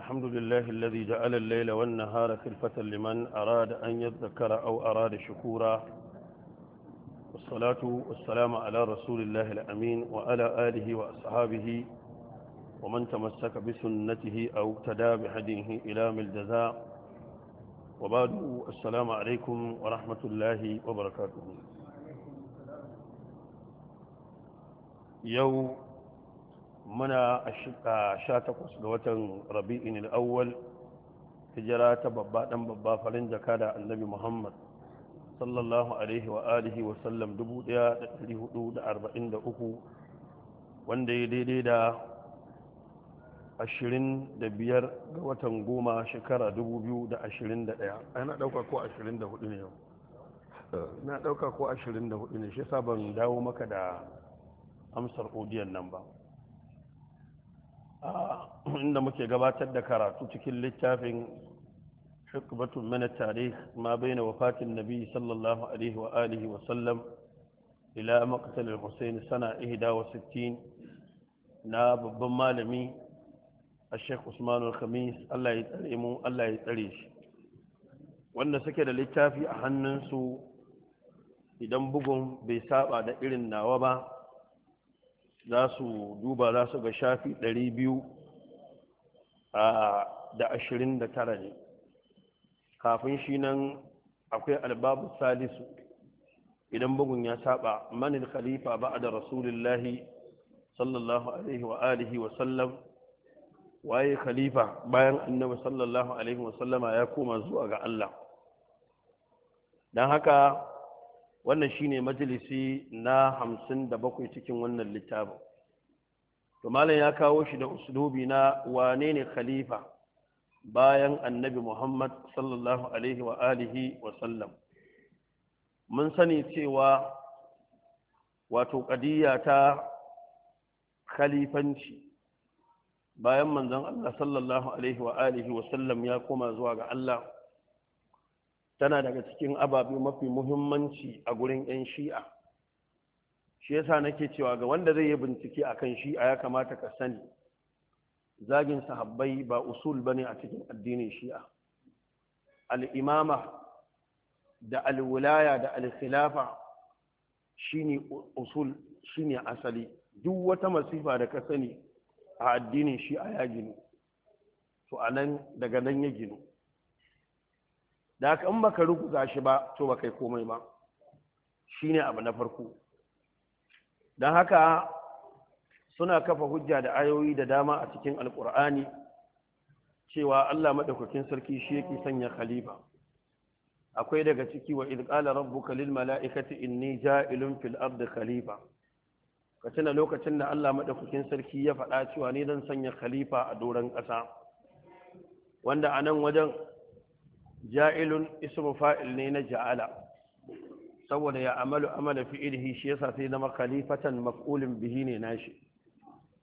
الحمد لله الذي جعل الليل والنهار خلفة لمن أراد أن يذكر أو أراد شكورا والصلاة والسلام على رسول الله الأمين وعلى آله وأصحابه ومن تمسك بسنته أو اقتدى بهديه إلى ملجزاء وبعد السلام عليكم ورحمة الله وبركاته يوم muna a sha takwas ga watan rabi'in al'awwal hijira ta babba ɗan babba farin jaka da annabi muhammad sallallahu alaihi wa alihi wa sallam 1443 wanda ya daidai da 25 ga watan goma shekara 2021 ana ɗauka ko 24 ne yau na ɗauka ko 24 eh. ne shi saban dawo maka da amsar odiyan nan ba Ah, inda muke gabatar da karatu cikin littafin hukbatun mana tarih ma baina wafatin nabi sallallahu alaihi wa alihi wa sallam ila maqtal al-husayn sana 61 na babban malami الشيخ عثمان الخميس الله يتعلمه الله يتعليش wanda suke da littafi a hannunsu idan bugun bai saba da irin nawa ba za su duba za su ga shafi 229 ne kafin shi nan akwai albabu salisu idan bugun ya saba manil khalifa ba a da rasulullahi sallallahu alaihi wa alihi wa sallam waye khalifa bayan annabi sallallahu alaihi wa sallama ya koma zuwa ga Allah don haka wannan shine majalisi na hamsin da bakwai cikin wannan littafin to malam ya kawo shi da uslubi na wane ne khalifa bayan annabi muhammad sallallahu alaihi wa alihi wa sallam mun sani cewa wato kadiyya ta khalifanci bayan manzon allah sallallahu alaihi wa alihi wa sallam ya koma zuwa ga allah tana daga cikin ababe mafi muhimmanci a gurin 'yan shi'a shi yasa nake cewa ga wanda zai yi bincike a kan shi'a ya kamata ka sani zagin sahabbai ba usul bane a cikin addinin shi'a al'imama da alwulaya da alkhilafa shine usul shine asali duk wata masifa da ka sani a addinin shi'a ya ginu to nan, daga nan ya ginu da haka in baka ruku shi ba to ba kai komai ba shine abu na farko don haka suna kafa hujja da ayoyi da dama a cikin alkur'ani cewa Allah madaukakin sarki shi yake sanya khalifa akwai daga ciki wa idh qala rabbuka lil mala'ikati inni ja'ilun fil ardi khalifa ka tuna lokacin da Allah madaukakin sarki ya faɗa cewa ne dan sanya khalifa a doron ƙasa wanda anan wajen ja'ilun ismu fa'il ne na ja'ala saboda ya amalu amala fi'ilihi shi yasa sai zama khalifatan maf'ulin bihi ne nashi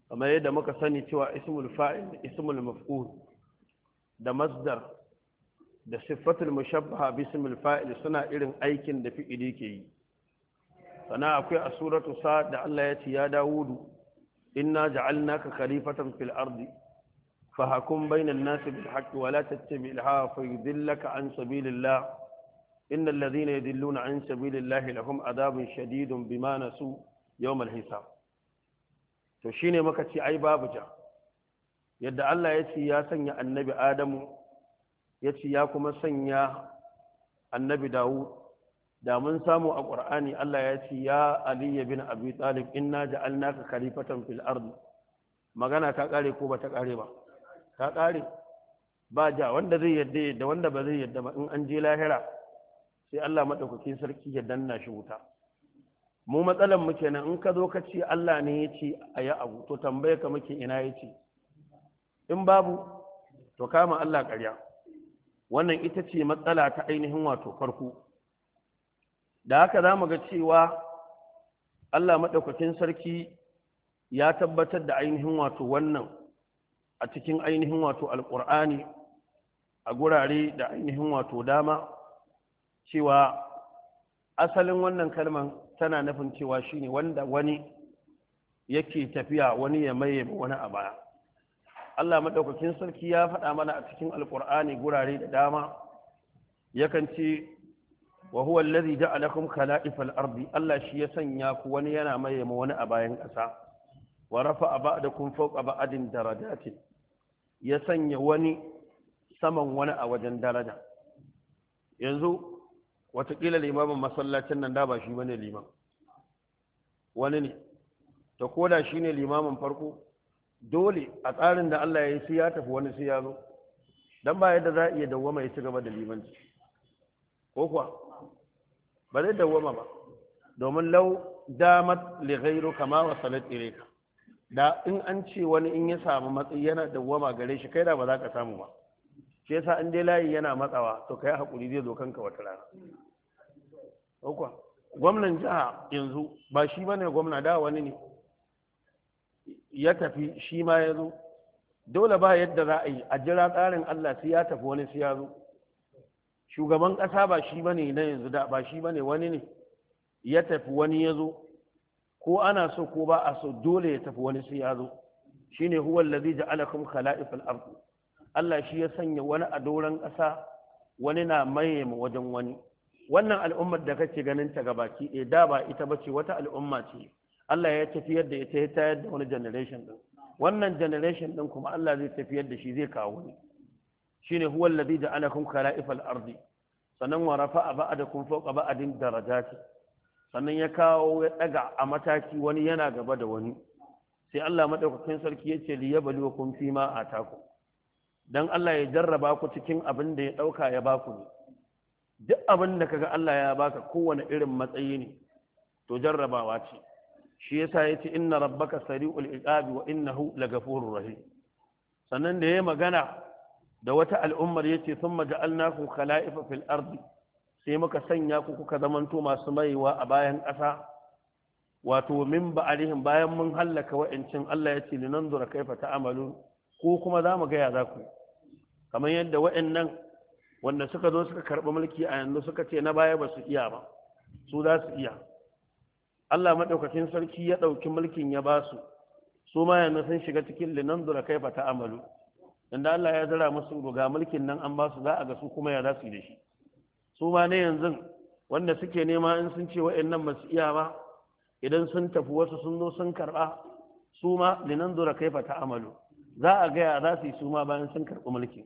kamar yadda muka sani cewa ismul fa'il ismul maf'ul da masdar da siffatul mushabbaha bismil fa'il suna irin aikin da fi'ili ke yi sana akwai a suratu sa da Allah ya ce ya Dawudu inna ja'alnaka khalifatan fil ardi فحكم بين الناس بالحق ولا تتبع الهوى فيضلك عن سبيل الله إن الذين يدلون عن سبيل الله لهم عذاب شديد بما نسوا يوم الحساب to shine muka ci ai babu ja yadda Allah ya ce ya sanya annabi Adamu ya ce ya kuma sanya annabi Dawud da mun samu a Qur'ani Allah ya ce ya Ali bin Abi Talib inna ja'alnaka khalifatan fil ard magana ta kare ko ba ta kare ba ka ƙare ba ja wanda zai yadda yadda wanda ba zai yadda ba in an je lahira sai Allah madaukakin sarki ya danna shi wuta mu matsalan mu kenan in ka zo ka ce Allah ne ya ce a yi abu to tambaye ka muke ina ya ce in babu to kama Allah ƙarya wannan ita ce matsala ta ainihin wato farko da haka za mu ga cewa Allah madaukakin sarki ya tabbatar da ainihin wato wannan a cikin ainihin wato alƙur'ani a gurare da ainihin wato dama cewa asalin wannan kalman tana nufin cewa shine wanda wani yake tafiya wani ya maye wani a baya Allah maɗaukakin sarki ya faɗa mana a cikin alƙur'ani gurare da dama yakan ce wa huwa allazi ja'alakum khala'ifal ardi Allah shi ya sanya ku wani yana maye wani a bayan ƙasa wa rafa'a ba'dakum fawqa ba'din darajatin ya sanya wani saman wani a wajen daraja yanzu watakila limamin masallacin nan da ba shi wani liman wani ne ta koda shi ne limamin farko dole a tsarin da Allah ya yi su ya tafi wani su ya zo dan ba yadda za a iya dawwama ya ci gaba da limanci ko kuwa ba zai dawwama ba domin lau damat li kama kama latsire ka. da in an ce wani in ya samu matsayi yana dawwama gare shi kai da ba za ka samu ba shi yasa an dai layi yana matsawa to kai hakuri zai zo kanka wata rana ɗauka gwamnan jiha yanzu ba shi ba ne gwamna da wani ne ya tafi shi ma ya zo dole ba yadda za a yi a jira tsarin allah sai ya tafi wani sai ya zo shugaban ƙasa ba shi ba ne na yanzu da ba shi ba ne wani ne ya tafi wani ya zo ko ana so ko ba a so dole ya tafi wani sai ya zo shine huwa allazi ja'alakum khala'ifal ard Allah shi ya sanya wani a doran ƙasa wani na maye wajen wani wannan al'ummar da kake ganin ta gabaki ɗaya da ba ita ba ce wata al'umma ce Allah ya tafiyar da ita ya tayar da wani generation din wannan generation din kuma Allah zai tafiyar da shi zai kawo ne shine huwa allazi ja'alakum khala'ifal ard sanan wa rafa'a ba'dakum fawqa ba'din darajati sannan ya kawo ya daga a mataki wani yana gaba da wani sai Allah madaukakin sarki ya ce kun fi ma ataku dan Allah ya jarraba ku cikin abin da ya dauka ya baku ne duk abin da kaga Allah ya baka kowane irin matsayi ne to jarrabawa ce shi yasa yace inna rabbaka sari'ul iqabi wa innahu lagafurur rahim sannan da yayi magana da wata al'ummar yace thumma ja'alnakum khala'ifa fil ardi sai muka sanya ku kuka zamanto masu maiwa a bayan ƙasa wato min alihin bayan mun hallaka wa'incin Allah ya ce linan zura kaifa amalu ko kuma za mu gaya za ku kamar yadda wa'annan wanda suka zo suka karɓi mulki a yanzu suka ce na baya ba su iya ba su za su iya Allah maɗaukakin sarki ya ɗauki mulkin ya ba su su ma yanzu sun shiga cikin linan zura kaifa amalu inda Allah ya zira musu ga mulkin nan an ba su za a ga su kuma ya za su yi da shi su ma na yanzu wanda suke nema in sun ce wa'annan ba iya ba idan sun tafi wasu sun zo sun karba su ma linan zura kaifa ta amalu za a gaya za su yi su ma bayan sun karɓi mulki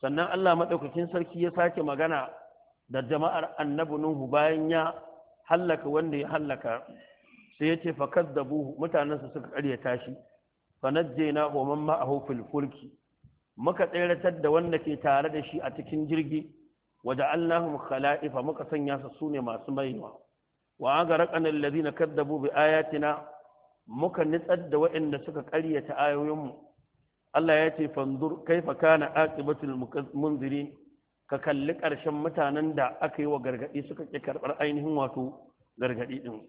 sannan Allah maɗaukakin sarki ya sake magana da jama'ar annabi Nuhu bayan ya hallaka wanda ya hallaka sai ya ce fakad da buhu mutanensa suka karya tashi shi na wa man ma'ahu fil fulki muka tseratar da wanda ke tare da shi a cikin jirgi wada allahum kala'ifa muka sanya su sune masu maiwa wa agarqan alladhina kaddabu bi ayatina muka nitsar da waɗanda suka karyata ayoyinmu Allah ya ce fanzur kaifa kana aqibatul munzirin ka kalli ƙarshen mutanen da aka yi wa gargaɗi suka ke karɓar ainihin wato gargaɗi ɗin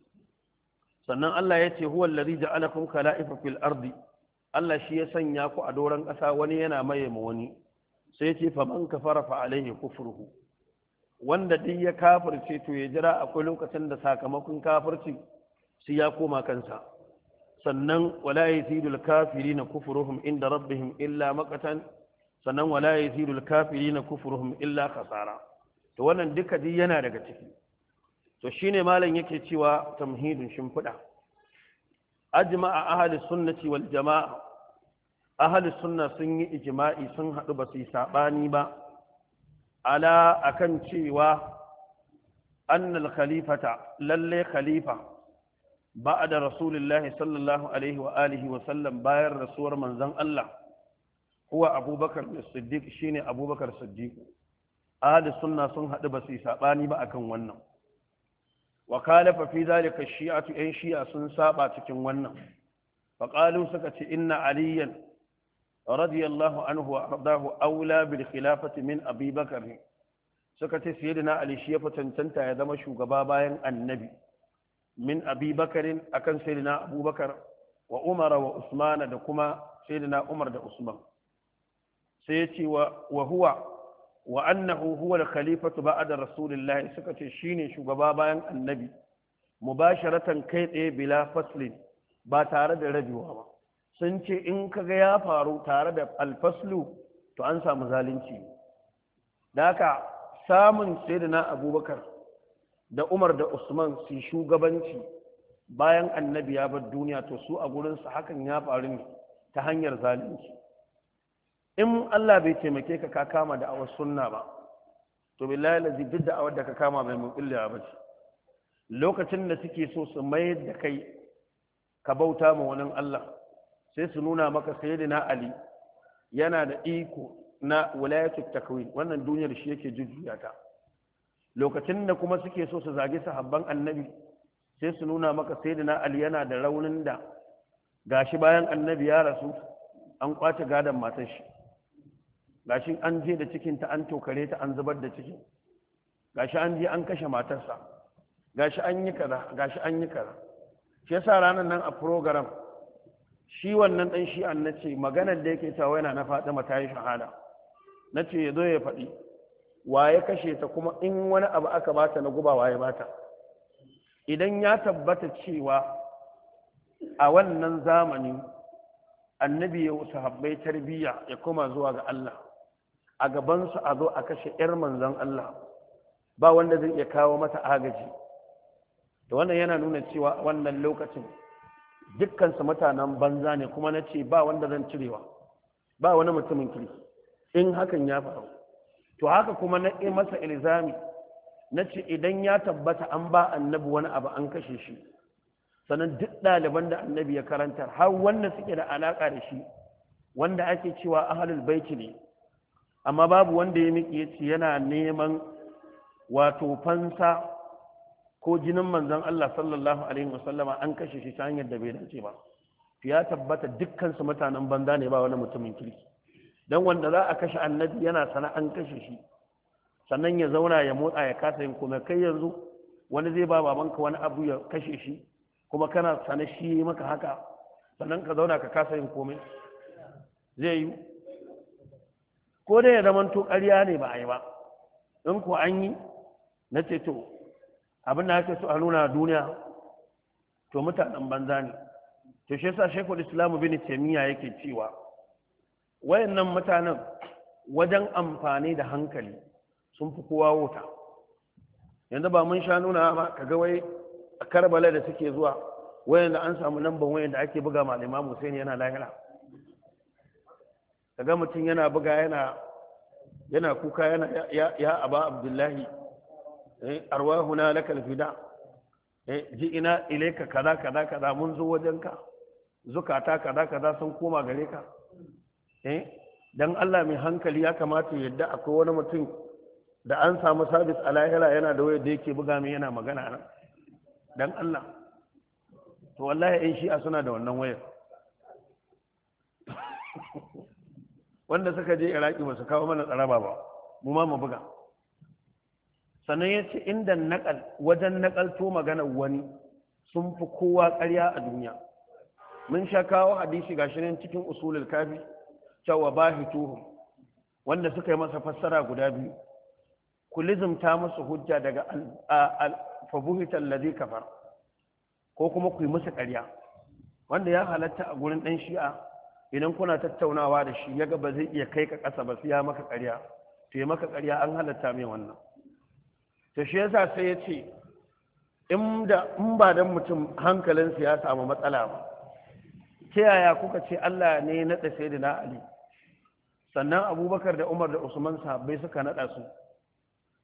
sannan Allah ya ce huwa alladhi ja'alakum khala'ifa fil arzi. Allah shi ya sanya ku a doran ƙasa wani yana ma wani sai ya ce fa ka kafara fa alaihi kufruhu wanda duk ya kafirce to ya jira akwai lokacin da sakamakon kafirci sai ya koma kansa sannan wala yazidul kafirin kufruhum inda rabbihim illa maqatan sannan wala yazidul kafirin kufruhum illa khasara to wannan duka duk yana daga ciki to shine malam yake cewa tamhidun shimfida ajma'a ahli sunnati wal jama'a ahli sunna sun yi ijma'i sun hadu ba su yi sabani ba ala akan cewa annal khalifata lalle khalifa da rasulullahi sallallahu alaihi wa alihi wa sallam bayan rasuwar manzon Allah Kuwa abubakar siddiq shine abubakar as-siddiq ahli sunna sun hadu ba su sabani ba akan wannan wa khalafa fi zalika shi'atu yan shi'a sun saba cikin wannan fa qalu suka ce inna aliyan radiyallahu anhu wa ardahu aula bil khilafati min abi suka ce sayyidina ali shi ya fatancanta ya zama shugaba bayan annabi min abi bakarin akan na abubakar wa umara wa usmana da kuma na umar da usman sai ya ce wa huwa wa annahu huwa al khalifatu ba'da rasulillahi suka ce shine shugaba bayan annabi mubasharatan kai tsaye bila faslin ba tare da rabewa ba sun ce in kaga ya faru tare da alfaslu to an samu zalunci da samun sayyidina abubakar da umar da usman su shugabanci bayan annabi ya bar duniya to su a gurinsu hakan ya faru ne ta hanyar zalunci in allah bai taimake ka ka kama da awar sunna ba to billahi lazi duk da awar da ka kama mai mun illa ba ce lokacin da suke so su mayar da kai ka bauta ma wani allah sai su nuna maka sayyidina ali yana da iko na wilayatul takwin wannan duniyar shi yake jujjuya ta lokacin da kuma suke so su zage sahabban annabi sai su nuna maka sayyidina ali yana da raunin da gashi bayan annabi ya rasu an kwace gadon matar shi gashi an je da cikin ta an tokare ta an zubar da cikin gashi an je an kashe matarsa gashi an yi kaza gashi an yi kaza shi yasa ranar nan a program shi wannan ɗan shi'an na ce maganar da yake cewa yana na fatima ta yi shahada na ce ya zo ya faɗi wa ya kashe ta kuma in wani abu aka bata na guba wa ya bata idan ya tabbata cewa a wannan zamani annabi ya wasu habbai tarbiyya ya koma zuwa ga Allah a gabansu a zo a kashe 'yar manzon Allah ba wanda zai iya kawo mata agaji da wannan yana nuna cewa wannan lokacin dukkansu mutanen banza ne kuma na ce ba wanda zan cirewa ba wani mutumin kirki in hakan ya faru to haka kuma na yi masa ilzami na ce idan ya tabbata an ba annabi wani abu an kashe shi sannan duk ɗaliban da annabi ya karantar har wanda suke da alaƙa da shi wanda ake cewa ahalul baiti ne amma babu wanda ya miki ya ce yana neman wato fansa ko jinin manzon Allah sallallahu alaihi wasallama an kashe shi ta hanyar da bai dace ba ya tabbata dukkan su mutanen banza ne ba wani mutumin kirki dan wanda za a kashe annabi yana sana an kashe shi sannan ya zauna ya motsa ya kasa yin komai kai yanzu wani zai ba babanka wani abu ya kashe shi kuma kana sana shi maka haka sannan ka zauna ka kasa yin komai zai yi ko dai ya zama to ƙarya ne ba a yi ba in ko an yi na ce to abin da ake so a nuna duniya to mutanen banza ne to shi yasa shekul islamu bin taimiyya yake cewa wayannan mutanen wajen amfani da hankali sun fi kowa wuta yanzu ba mun sha nuna ba kaga wai a karbala da suke zuwa wayanda an samu lambar wayanda ake buga malima musaini yana lahira kaga mutum yana buga yana yana kuka yana ya aba abdullahi eh arwahuna lakal fida ji eh, ji'ina ilayka kaza kaza kaza mun zo wajenka zukata kaza kaza sun koma gare ka eh dan Allah mai hankali ya kamata yadda akwai wani mutum da an samu sabis a lahira yana da wayar da yake buga mai yana magana nan dan Allah to wallahi in shi'a suna da wannan wayar wanda suka je iraki ba su kawo mana tsaraba ba mu ma mu buga sannan ya ce inda naƙal wajen naƙalto maganar wani sun fi kowa ƙarya a duniya mun sha kawo hadisi ga shirin cikin usulul kafi cewa ba hituhu wanda suka yi masa fassara guda biyu ku ta masu hujja daga fabuhitar lazi kafar ko kuma ku yi musu ƙarya wanda ya halatta a gurin ɗan shi'a idan kuna tattaunawa da shi ya ga ba zai iya kai ka ƙasa ba su ya maka ƙarya to ya maka ƙarya an halatta mai wannan to shi yasa sai ya ce in ba don mutum hankalinsa ya samu matsala ba ta yaya kuka ce Allah ne na naɗa da na Ali sannan abubakar da umar da usman sahabbai suka naɗa su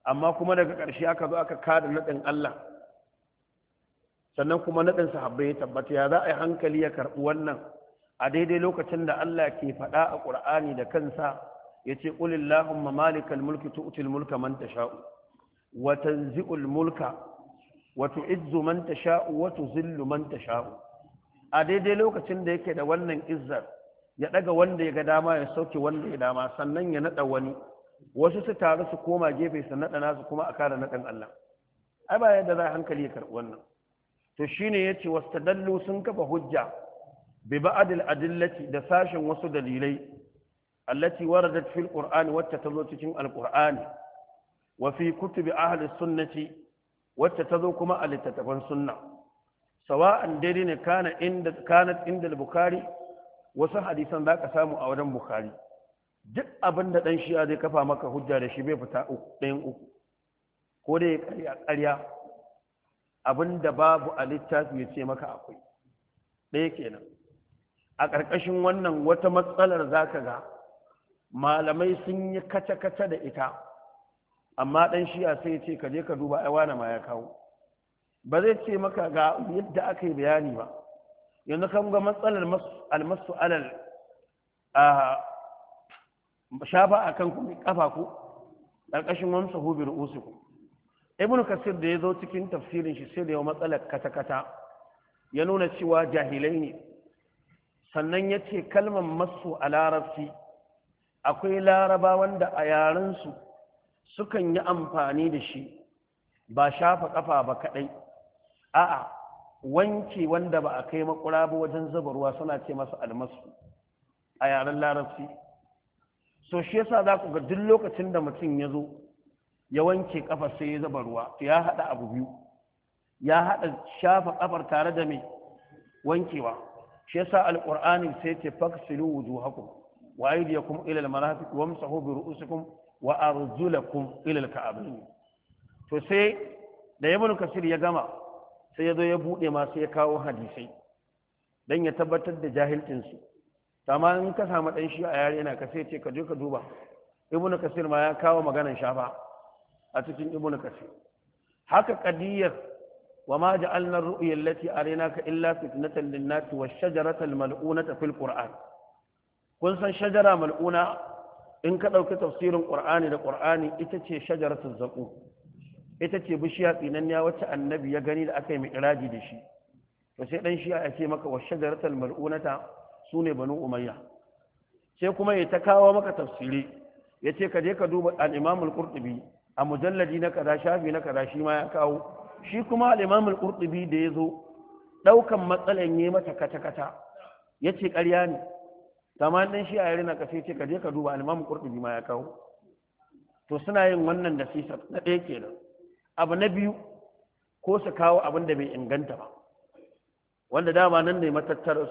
amma kuma daga ƙarshe aka zo aka kada naɗin Allah sannan kuma naɗin sahabbai ya tabbata ya za a yi hankali ya karɓi wannan a daidai lokacin da Allah ke faɗa a ƙur'ani da kansa ya ce ƙulillahumma mamalikan mulki tu'til mulka man tasha'u wa tanzi'ul mulka wa tu'izzu sha'u, tasha'u wa sha'u. a daidai lokacin da yake da wannan izzar ya daga wanda ya ga dama ya sauke wanda ya dama sannan ya nada wani wasu su taru su koma gefe su nada nasu kuma a kara nadan Allah ai ba yadda za hankali ya karbi wannan to shine yace wastadallu sun kafa hujja bi ba'd adillati da sashin wasu dalilai allati waradat fil qur'ani wacce ta zo cikin al-qur'ani wa fi kutubi ahli sunnati wacce ta zo kuma a littattafan sunna sawa'an daidai ne kana inda kanat inda bukhari wasu hadisan za ka samu a wajen bukhari duk abin da dan shi'a zai kafa maka hujja da shi bai fita ɗayan uku ko dai ya ƙarya abin da babu a littafi ya ce maka akwai ɗaya kenan a ƙarƙashin wannan wata matsalar za ka ga malamai sun yi kace-kace da ita amma ɗan shi'a sai ya ce ka je ka duba ai wane ma ya kawo ba zai ce maka ga yadda aka yi bayani ba yanzu kan ga matsalar almasu alal a shafa a kan kafa ku ƙarƙashin wamsa hubir usuku ibn kasir da ya zo cikin tafsirin shi sai da yawa matsalar kata-kata ya nuna cewa jahilai ne sannan ya ce kalmar masu a larabci akwai laraba wanda a yarensu sukan yi amfani da shi ba shafa kafa ba kadai a'a wanke wanda ba a kai makura ba wajen zuba ruwa suna ce masa almasu a yaren larabci so shi yasa za ku ga duk lokacin da mutum ya zo ya wanke kafa sai ya zuba ruwa ya haɗa abu biyu ya haɗa shafa kafar tare da mai wankewa shi yasa alqur'ani sai ce faksilu wujuhakum wa aydiyakum ila almarafiq wamsahu bi ru'usikum wa arjulakum ila alka'abain to sai da ibn kasir ya gama sai ya zo ya bude ma sai ya kawo hadisai dan ya tabbatar da jahilcin su amma in ka samu dan shi a yare yana ka ce ka je ka duba ibn kasir ma ya kawo maganan shafa a cikin ibn kasir haka qadiyar وما جعلنا الرؤيا التي أريناك إلا فتنة للناس والشجرة الملؤونة في القرآن كل سن شجرة ملؤونة in ka ɗauki tafsirin ƙur'ani da ƙur'ani ita ce shajaratun zaƙo ita ce bishiya tsinanniya wacce annabi ya gani da aka yi mi'iraji da shi to sai ɗan shi ya ce maka wa shajaratul mal'unata su ne banu umayya sai kuma ya ta kawo maka tafsiri ya ce ka je ka duba alimamin imam al a mujalladi na kaza shafi na kaza shi ma ya kawo shi kuma al-imam al da ya zo ɗaukan matsalan yi mata kata kata ya ce ƙarya ne tamam dan shi a yare na kace ce ka je ka duba al-imam qurtubi ma ya kawo to suna yin wannan da sisa na ɗaya kenan abu na biyu ko su kawo abin da bai inganta ba wanda dama nan ne matattar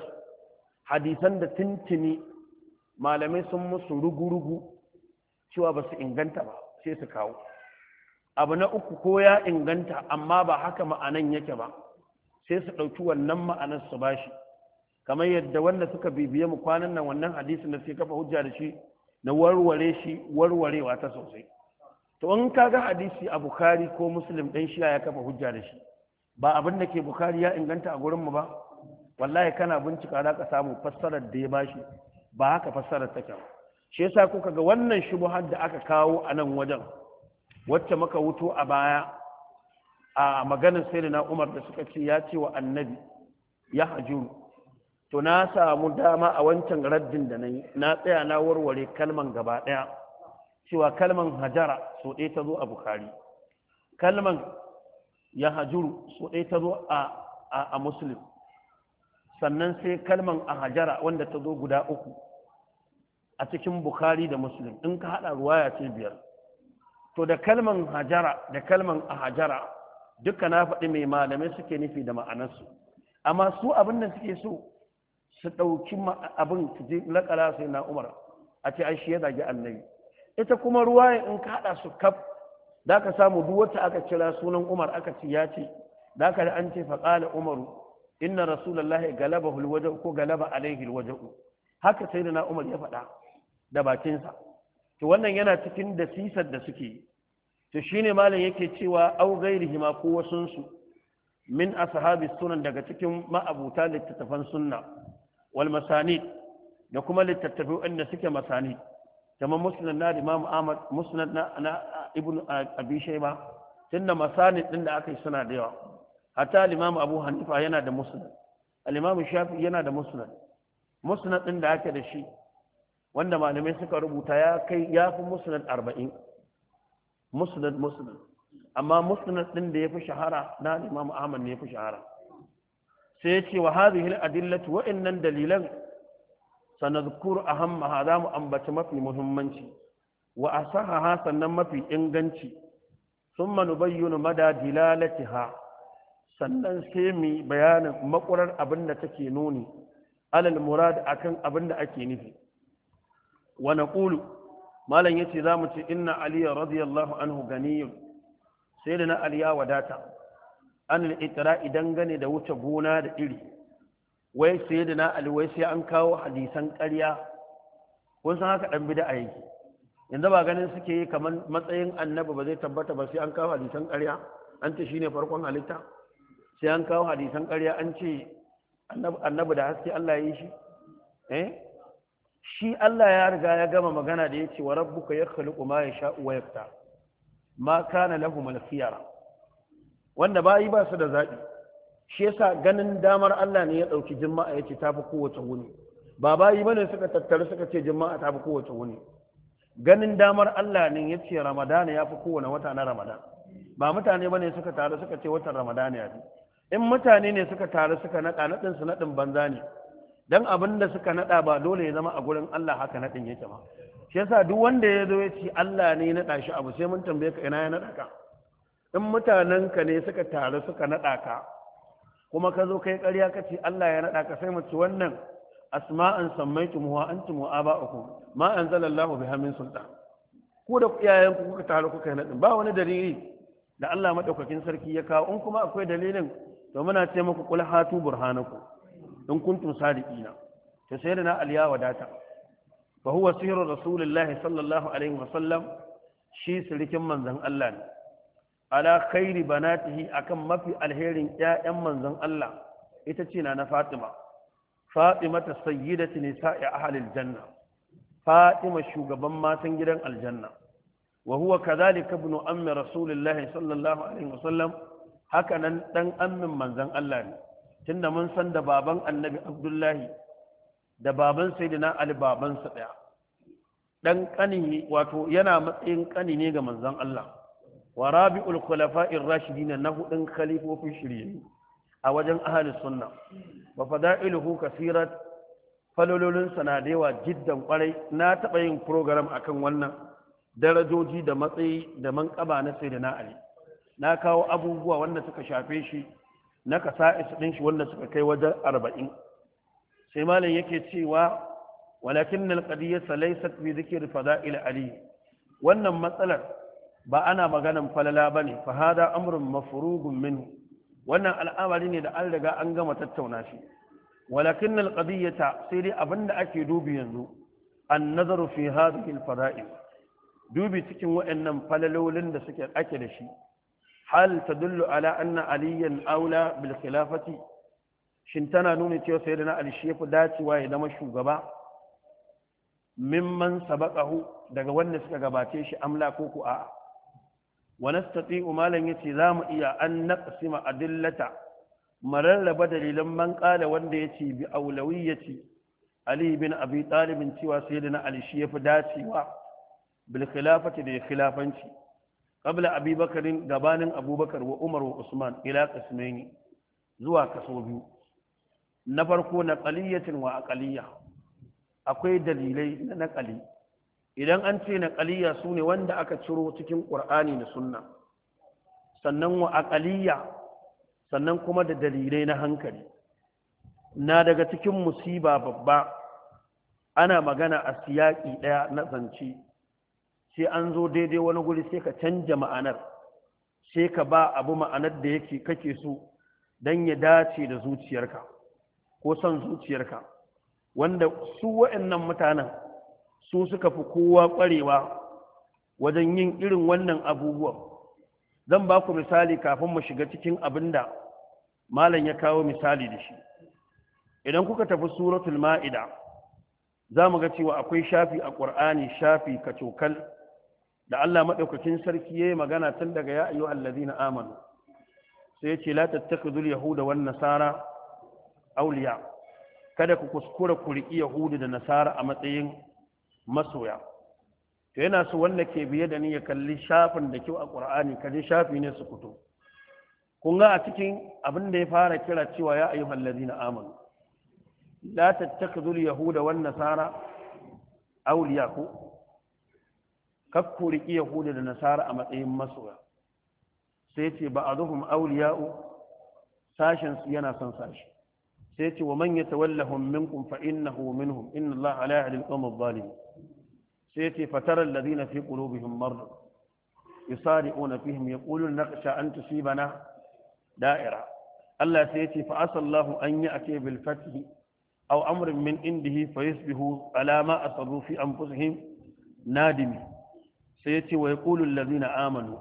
hadisan da tintini malamai sun musu rugurugu cewa ba su inganta ba sai su kawo abu na uku ko ya inganta amma ba haka ma'anan yake ba sai su ɗauki wannan ma'anar su bashi kamar yadda wanda suka bibiye mu kwanan nan wannan hadisin da suke kafa hujja da shi na warware shi warwarewa ta sosai to in ka ga hadisi a bukhari ko muslim dan shiya ya kafa hujja da shi ba abin da ke bukhari ya inganta a gurin mu ba wallahi kana bincika za ka samu fassarar da ya bashi ba haka fassarar take ba shi yasa kuka ga wannan shubuhar da aka kawo a nan wajen wacce muka wuto a baya a maganar sayyidina Umar da suka ce ya ce wa annabi ya hajuru to na samu dama a wancan raddin da na yi na tsaya na warware kalman gaba ɗaya cewa kalman hajara so ɗaya ta zo a bukari kalman ya hajuru so ɗaya ta zo a muslim sannan sai kalman a hajara wanda ta zo guda uku a cikin bukari da muslim in ka haɗa ruwaya ce biyar to da kalman hajara da kalman a hajara duka na faɗi mai malamai suke nufi da ma'anarsu amma su abin da suke so su ɗauki abin su ji laƙala sai na umar a ce an shi ya zagi annabi ita kuma ruwa in ka haɗa su kaf da ka samu duk wata aka kira sunan umar aka ce ya ce da ka da an ce faƙala umaru inna rasulullahi galaba hulwaja ko galaba alaihi ku. haka sai da na umar ya faɗa da bakinsa to wannan yana cikin da sisar da suke to shine malam yake cewa au gairihi ma ko wasunsu min ashabi sunan daga cikin ma'abuta littattafan sunna wal da kuma littattafai wanda suke masanid kamar musnad na Imam Ahmad musnad Ibn Abi Shayba tunda masanid din da aka yi suna da yawa hatta al-Imam Abu Hanifa yana da musnad al Shafi yana da musnad musnad din da aka da shi wanda malamai suka rubuta ya kai fi musnad 40 musnad musnad amma musnad ɗin da ya fi shahara na Imam Ahmad ne ya fi shahara sai ya ce wa hadhihi al-adillatu wa'annan dalilan sanadhkuru ahammaha za mu ambaci mafi muhimmanci wa asahaha sannan mafi inganci thumma nubayyinu mada dilalatiha sannan sai mu bayanin makurar abin da take nuni alal murad akan abin da ake nufi wa naqulu malam yace zamu ce inna ali radiyallahu anhu ganiyun sayyidina ali ya wadata an al’itara idan gane da wuce gona da iri wai sai da na alwai sai an kawo hadisan ƙarya kun san haka ɗan da a yanki yanzu ba ganin suke yi kamar matsayin annabi ba zai tabbata ba sai an kawo hadisan ƙarya an ce ne farkon halitta sai an kawo hadisan ƙarya an ce annabi da haske Allah ya yi shi eh shi Allah ya riga ya gama magana da ya ce wa rabbuka yakhluqu ma yasha'u wa yaktar ma kana lahum al-khiyara wanda ba yi ba su da zaɓi shi yasa ganin damar Allah ne ya ɗauki jima'a ya ce ta fi kowace wuni ba bayi bane suka tattara suka ce jima'a ta fi kowace wuni ganin damar Allah ne ya ce ramadana ya fi kowane wata na ramadan ba mutane bane suka taru suka ce watan ramadana ya fi in mutane ne suka taru suka naɗa naɗin su naɗin banza ne dan abin da suka naɗa ba dole ya zama a gurin Allah haka naɗin yake ma shi yasa duk wanda ya zo ya ce Allah ne ya naɗa shi abu sai mun tambaye ka ina ya naɗa ka in mutanenka ne suka taru suka naɗa ka kuma ka zo kai ƙarya ka ce Allah ya naɗa ka sai mu ci wannan asma'an sammaitumuha wa antum wa aba'ukum ma anzalallahu biha min sultan ku da iyayen ku kuka taru kuka yi ba wani dalili da Allah madaukakin sarki ya kawo in kuma akwai dalilin to muna ce muku kul hatu burhanakum in kuntum sadiqina to sai na aliya wadata fa huwa sihru rasulillahi sallallahu alaihi wa sallam shi sirikin manzon Allah ne ala khairi banatihi akan mafi alherin ƴaƴan manzon Allah ita ce na Fatima Fatima ta sayyidatu nisa'i ahlil janna Fatima shugaban matan gidan aljanna wa huwa kadhalika ibn ammi rasulillahi sallallahu alaihi wasallam haka nan dan ammin manzon Allah ne tunda mun san da baban annabi Abdullahi da baban sayyidina Ali baban sa daya dan kani wato yana matsayin kani ne ga manzon Allah wa rabi'ul khulafa'ir rashidin na hudun khalifofin shiryayyu a wajen ahli sunna wa fada'iluhu kasirat falololin sana da yawa jiddan kwarai na taba yin program akan wannan darajoji da matsayi da manƙaba na sayyidina ali na kawo abubuwa wanda suka shafe shi na kasa'is ɗin shi wanda suka kai wajen arba'in sai malam yake cewa walakin na alƙadiyyarsa laisat bi zikir fada'il ali wannan matsalar ba ana maganan falala ba ne fa hada amrun mafurugun minhu wannan al'amari ne da an riga an gama tattauna shi walakin alqadiyata sai dai abinda ake dubi yanzu an nazaru fi hadhihi alfara'id dubi cikin wayannan falalolin da suke ake da shi hal tadullu ala anna aliyan aula bil khilafati shin tana nuna cewa sayyidina ali shi yafi dacewa ya zama shugaba mimman sabaqahu daga wanda suka gabace shi amla ko ku a'a wa nastati'u malan yace za mu iya an naqsima adillata mararraba dalilan man qala wanda yace bi aulawiyyati ali bin abi talib cewa sayyidina ali shi yafi dacewa bil khilafati da khilafanci qabla abi bakarin gabanin abubakar wa umar wa usman ila qismaini zuwa kaso biyu na farko na qaliyatin wa aqaliyya akwai dalilai na naqali idan an ce na ƙaliya su ne wanda aka ciro cikin ƙur'ani da sunna sannan wa aƙaliya sannan kuma da dalilai na hankali na daga cikin musiba babba ana magana a siyaƙi ɗaya na zance sai an zo daidai wani guri sai ka canja ma'anar sai ka ba abu ma'anar da yake kake so don ya dace da zuciyarka ko son zuciyarka wanda su wa'annan mutanen su suka fi kowa ƙwarewa wajen yin irin wannan abubuwan zan ba ku misali kafin mu shiga cikin abin da malam ya kawo misali da shi idan kuka tafi suratul ma'ida za mu ga cewa akwai shafi a ƙur'ani shafi cokal da Allah maɗaukacin sarki ya yi magana tun daga ya ayyu na amanu sai ya ce la yahuda wan nasara auliya kada ku kuskura ku yahudu da nasara a matsayin masoya to yana so wanda ke biye da ni ya kalli shafin da kyau a ƙur'ani kaje shafi ne su fito kun ga a cikin abin da ya fara kira cewa ya ayyuhal ladina amanu la tattakhidhu al-yahuda wan nasara awliya ku kakku yahuda da nasara a matsayin masoya sai ce ba'dhum awliya'u sashin su yana son sashi sai ce wa man yatawallahum minkum fa innahu minhum inna allaha la yahdi al-qawma sai ce fatarar zina fi qulubihim marad yusari'una fihim yaqulun naqsha shi bana da'ira Allah sai ce fa asallahu an ya'ti bil fathi a'u amrin min indihi fa yusbihu ala ma asabu fi anfusihim nadimi sai ya ce wa da zina amanu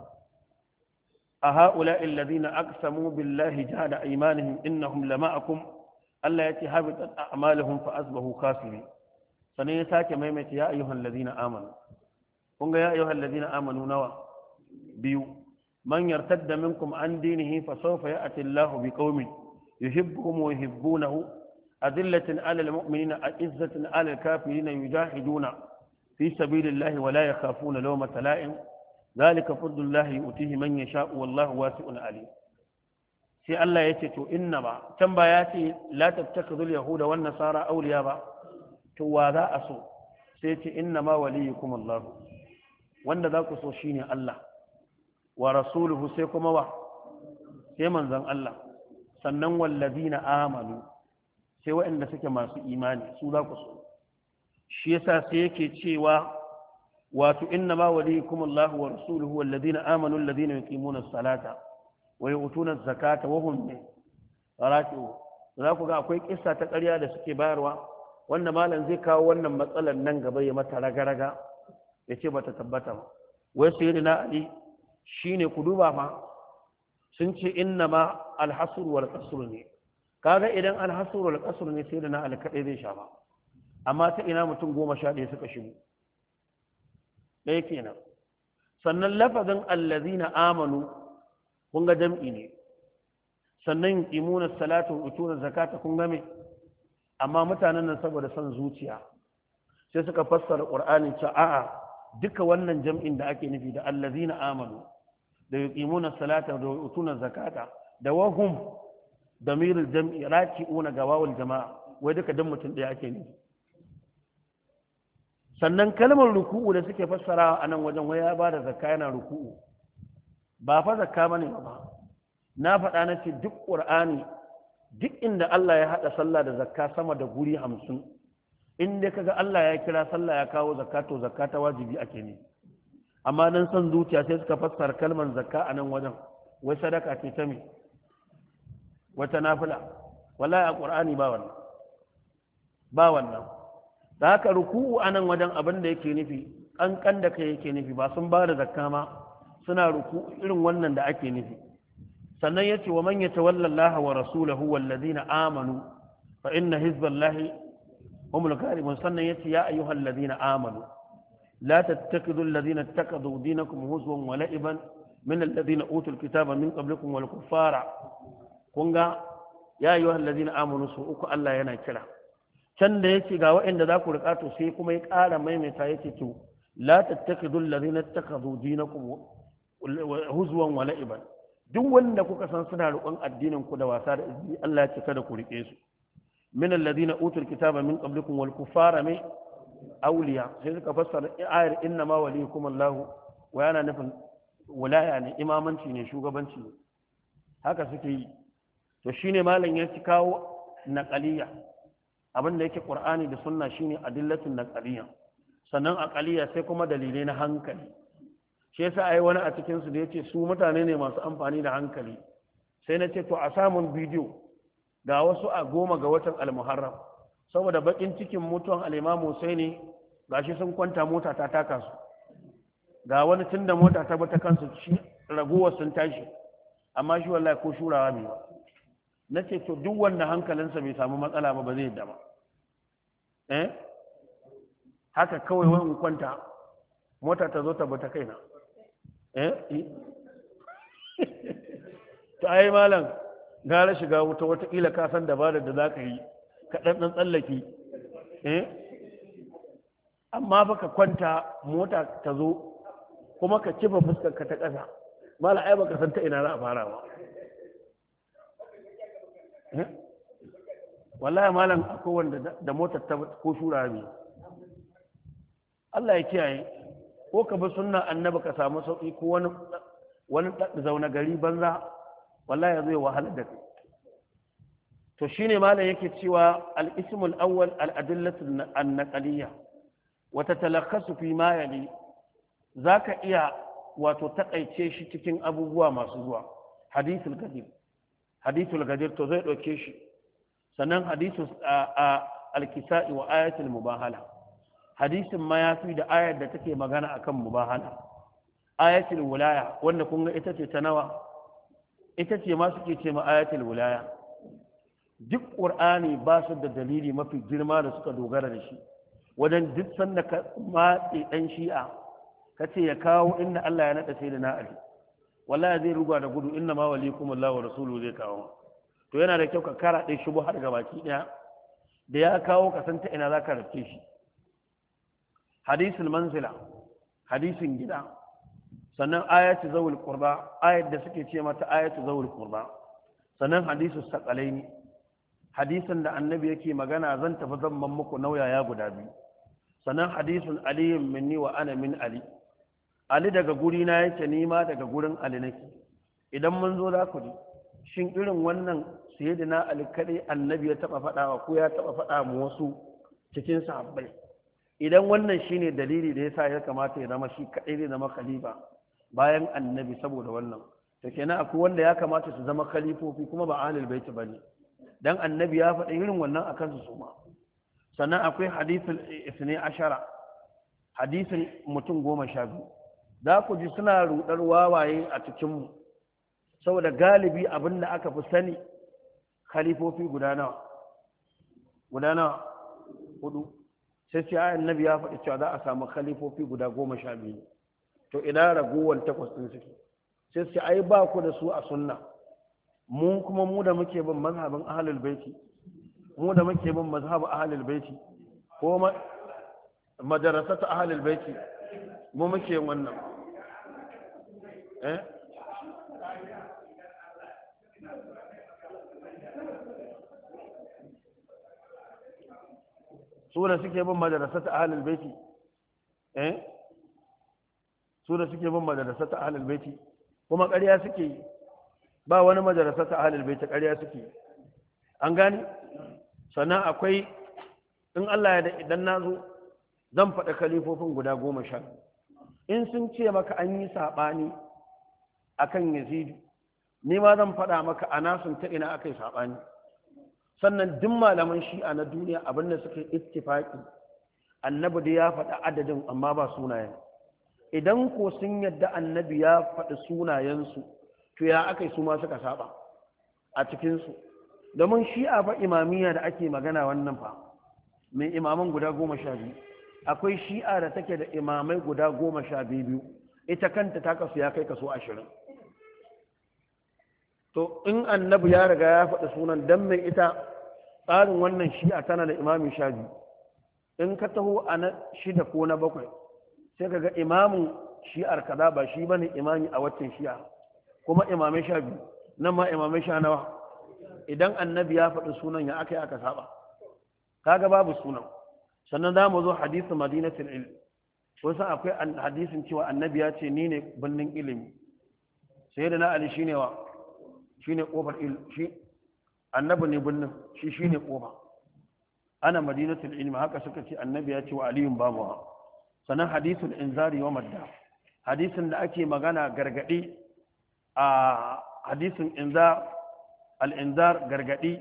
a ha'ula'i allazina aqsamu billahi jahada aymanihim innahum lama'akum Allah ya ce habitat a'maluhum fa asbahu khasirin sannan ya sake maimaita ya ayyuhan ladina amanu kun ga ya ayyuhan ladina amanu nawa biyu man yartadda minkum an dinihi fa sawfa ya'ti Allahu bi qaumin yuhibbuhum wa yuhibbunahu adillatin 'alal mu'minina a'izzatin 'alal kafirina yujahiduna fi sabilillahi wa la yakhafuna lawmata la'im dhalika fadlullahi yu'tihi man yasha'u wallahu wasi'un Ali. sai Allah ya ce to inna ba can ba ya ce la tattakhidul yahuda wan nasara ba to wa za a so sai ce inna ma kuma Allah wanda za ku so shi ne Allah wa rasuluhu sai kuma wa sai manzan Allah sannan wallazina amanu sai waɗanda suke masu imani su za ku so shi yasa sai yake cewa wato inna ma kuma Allah wa rasuluhu wallazina amanu allazina yuqimuna as-salata wa yu'tuna az-zakata wa hum raki'un za ku ga akwai kissa ta ƙarya da suke bayarwa wanda malam zai kawo wannan matsalar nan gaba ya mata raga-raga ya ce bata tabbata ba wai sai na shi ne ku duba ma sun ce inna ma alhasur wal qasr ne kaga idan alhasur wal ne sai na ali kaɗai zai sha ba amma ta ina mutum goma sha ɗaya suka shigo ɗaya kenan sannan lafazin allazina amanu kun ga jam'i ne sannan yuqimuna salata wa yutuna zakata kun ga me amma mutanen nan saboda son zuciya sai suka fassara ƙur'anin cewa a'a duka wannan jam'in da ake nufi da allazina amanu da yuqimuna salata da yu'tuna zakata da wahum damirul jam'i raki'una ga wawul jama'a wai duka dan mutum ɗaya ake nufi sannan kalmar ruku'u da suke fassarawa a nan wajen wai ya ba da zakka yana ruku'u ba fa zakka bane ba na faɗa na ce duk ƙur'ani duk inda Allah ya haɗa sallah da zakka sama da guri hamsin in dai kaga Allah ya kira sallah ya kawo zakka to zakka ta wajibi ake ne amma nan san zuciya sai suka fassara kalmar zakka a nan wajen wai sadaka ce ta me wata nafila wallahi a qur'ani ba wannan ba wannan da haka ruku'u a nan wajen abin da yake nufi kankan da kai yake nufi ba sun ba da zakka ma suna ruku irin wannan da ake nufi sannan ya ce wa man yatawalla Allah wa rasulahu wal ladina amanu fa inna hizballahi humul ghalibun sannan ce ya ayyuhal ladina amanu la tattakidu alladhina ittakhadhu dinakum huzwan wa la'iban min alladhina utul kitaba min qablikum wal kuffara kunga ya ayyuhal ladina amanu su uku Allah yana kira can da yace ga waɗanda za ku riƙa to sai kuma ya ƙara maimaita ya ce to la tattakidu alladhina ittakhadhu dinakum huzwan wa la'iban duk wanda kuka san suna roƙon addinin ku da wasa da izini Allah ya cika da ku rike su min alladhina utul kitaba min qablikum wal kuffara mai awliya sai suka fassara ayar inna ma waliyukum Allah wa yana nufin wilaya ne imamanci ne shugabanci ne haka suke yi to shine malam ya ci kawo naqaliya abin da yake qur'ani da sunna shine adillatul naqaliya sannan aqaliya sai kuma dalilai na hankali shi yasa ai wani a cikin su da yace su mutane ne masu amfani da hankali sai na ce to a samun bidiyo ga wasu a goma ga watan al-Muharram, saboda bakin cikin mutuwan al-imam Husaini gashi sun kwanta mota ta taka su ga wani tunda mota ta bata kansu shi raguwar sun tashi amma shi wallahi ko shurawa bai ba na ce to duk wanda hankalinsa bai samu matsala ba ba zai yadda ba eh haka kawai wani kwanta mota ta zo ta bata kaina ta eh? yi malam gara shiga wuta watakila ka san dabarar da za ka yi ka ɗan tsallaki eh? amma baka ka kwanta mota ta zo kuma ka kifa fuskar ka ta ƙasa mala ai baka san ta ina za a fara ba eh? wallahi malam akwai wanda da motar ta ko shura ne Allah ya kiyaye ko ka bi sunna annabi ka samu sauki ko wani wani zauna gari banza wallahi zai wahala da kai to shine malam yake cewa al-ismul awwal al-adillatu an-naqliyah wa tatalakhasu fi ma yali zaka iya wato takaice shi cikin abubuwa masu zuwa hadithul gadir hadithul gadir to zai dauke shi sannan hadithus al-kisa'i wa ayatul mubahala hadisin mayafi da ayar da take magana a akan mubahana ayatul wilaya wanda kun ga ita ce ta nawa ita ce ma suke ce ma ayatul wulaya duk ƙur'ani ba su da dalili mafi girma da suka dogara da shi wajen duk sanda ka matse dan shi'a kace ya kawo inda Allah ya naɗa sai da na'ari wallahi zai ruga da gudu inna ma walikum Allah wa rasuluhu zai kawo to yana da kyau ka kara shi har har baki ɗaya? da ya kawo ka san ta ina zaka rafke shi Hadisin manzila hadisin gida sannan ayatu zawul qurba ayat da suke ce mata ayatu zawul qurba sannan hadisu saqalaini hadisin da annabi yake magana zan tafi zan man muku ya guda biyu sannan hadisun ali minni wa ana min ali ali daga guri na yake ma daga gurin ali nake idan mun zo za ku ji shin irin wannan sayyidina ali kadai annabi ya taba fada wa ko ya taba faɗa mu wasu cikin sahabbai idan wannan shine dalili da ya sa ya kamata ya zama shi kadai zai zama khalifa bayan annabi saboda wannan to kenan akwai wanda ya kamata su zama khalifofi kuma ba ahlul bait bane dan annabi ya faɗi irin wannan akan su ma sannan akwai hadithul isni ashara hadisin mutum goma sha biyu za ku ji suna rudar wawaye a cikinmu saboda galibi abin da aka fi sani khalifofi guda nawa guda nawa hudu sai sai ayan nabi ya faɗi cewa za a samu khalifofi guda goma sha biyu to ina ragowar takwas ɗin suke sai sai ai ba ku da su a sunna mu kuma mu da muke bin mazhabin ahlul baiti mu da muke bin mazhabin ahlul baiti ko madarasata ahlul baiti mu muke wannan eh su suke bin madarasa ta ahalul baiti eh suna suke bin madarasa ta baiti kuma ƙarya suke yi ba wani madarasa ta ahalul baiti ƙarya suke yi an gane sannan akwai in Allah ya da idan na zo zan faɗa kalifofin guda goma sha in sun ce maka an yi saɓani akan yazidu ni ma zan faɗa maka a nasun ta ina aka yi saɓani sannan duk malaman shi'a na duniya abin da suka ittifaki annabi da ya faɗi adadin amma ba sunayen idan ko sun yadda annabi ya faɗi sunayensu to ya aka yi su ma suka saba a cikinsu domin shi'a fa imamiyya da ake magana wannan fa mai imaman guda goma sha biyu akwai shi'a da take da imamai guda goma sha biyu ita kanta ta kasu ya kai kaso ashirin to in annabi ya riga ya faɗi sunan dan mai ita tsarin wannan shi'a tana da imamin sha in ka taho a na shida ko na bakwai sai ka ga imamin shi'ar kaza ba shi bane imami a waccan shi'a kuma imamai sha nan ma imamai sha nawa idan annabi ya faɗi sunan ya aka yi aka saba kaga babu sunan sannan za mu zo hadisin madinatul ilm wasu akwai hadisin cewa annabi ya ce ni ne birnin ilimi sai da na ali shine wa shine kofar shi annabi ne binnin shi ne ƙofa. ana madinatul ilmi haka suka ce annabi ya ce wa aliyun babu Sannan hadisul inzari wa madda hadisin da ake magana gargadi a hadisin inzar al-inzar gargadi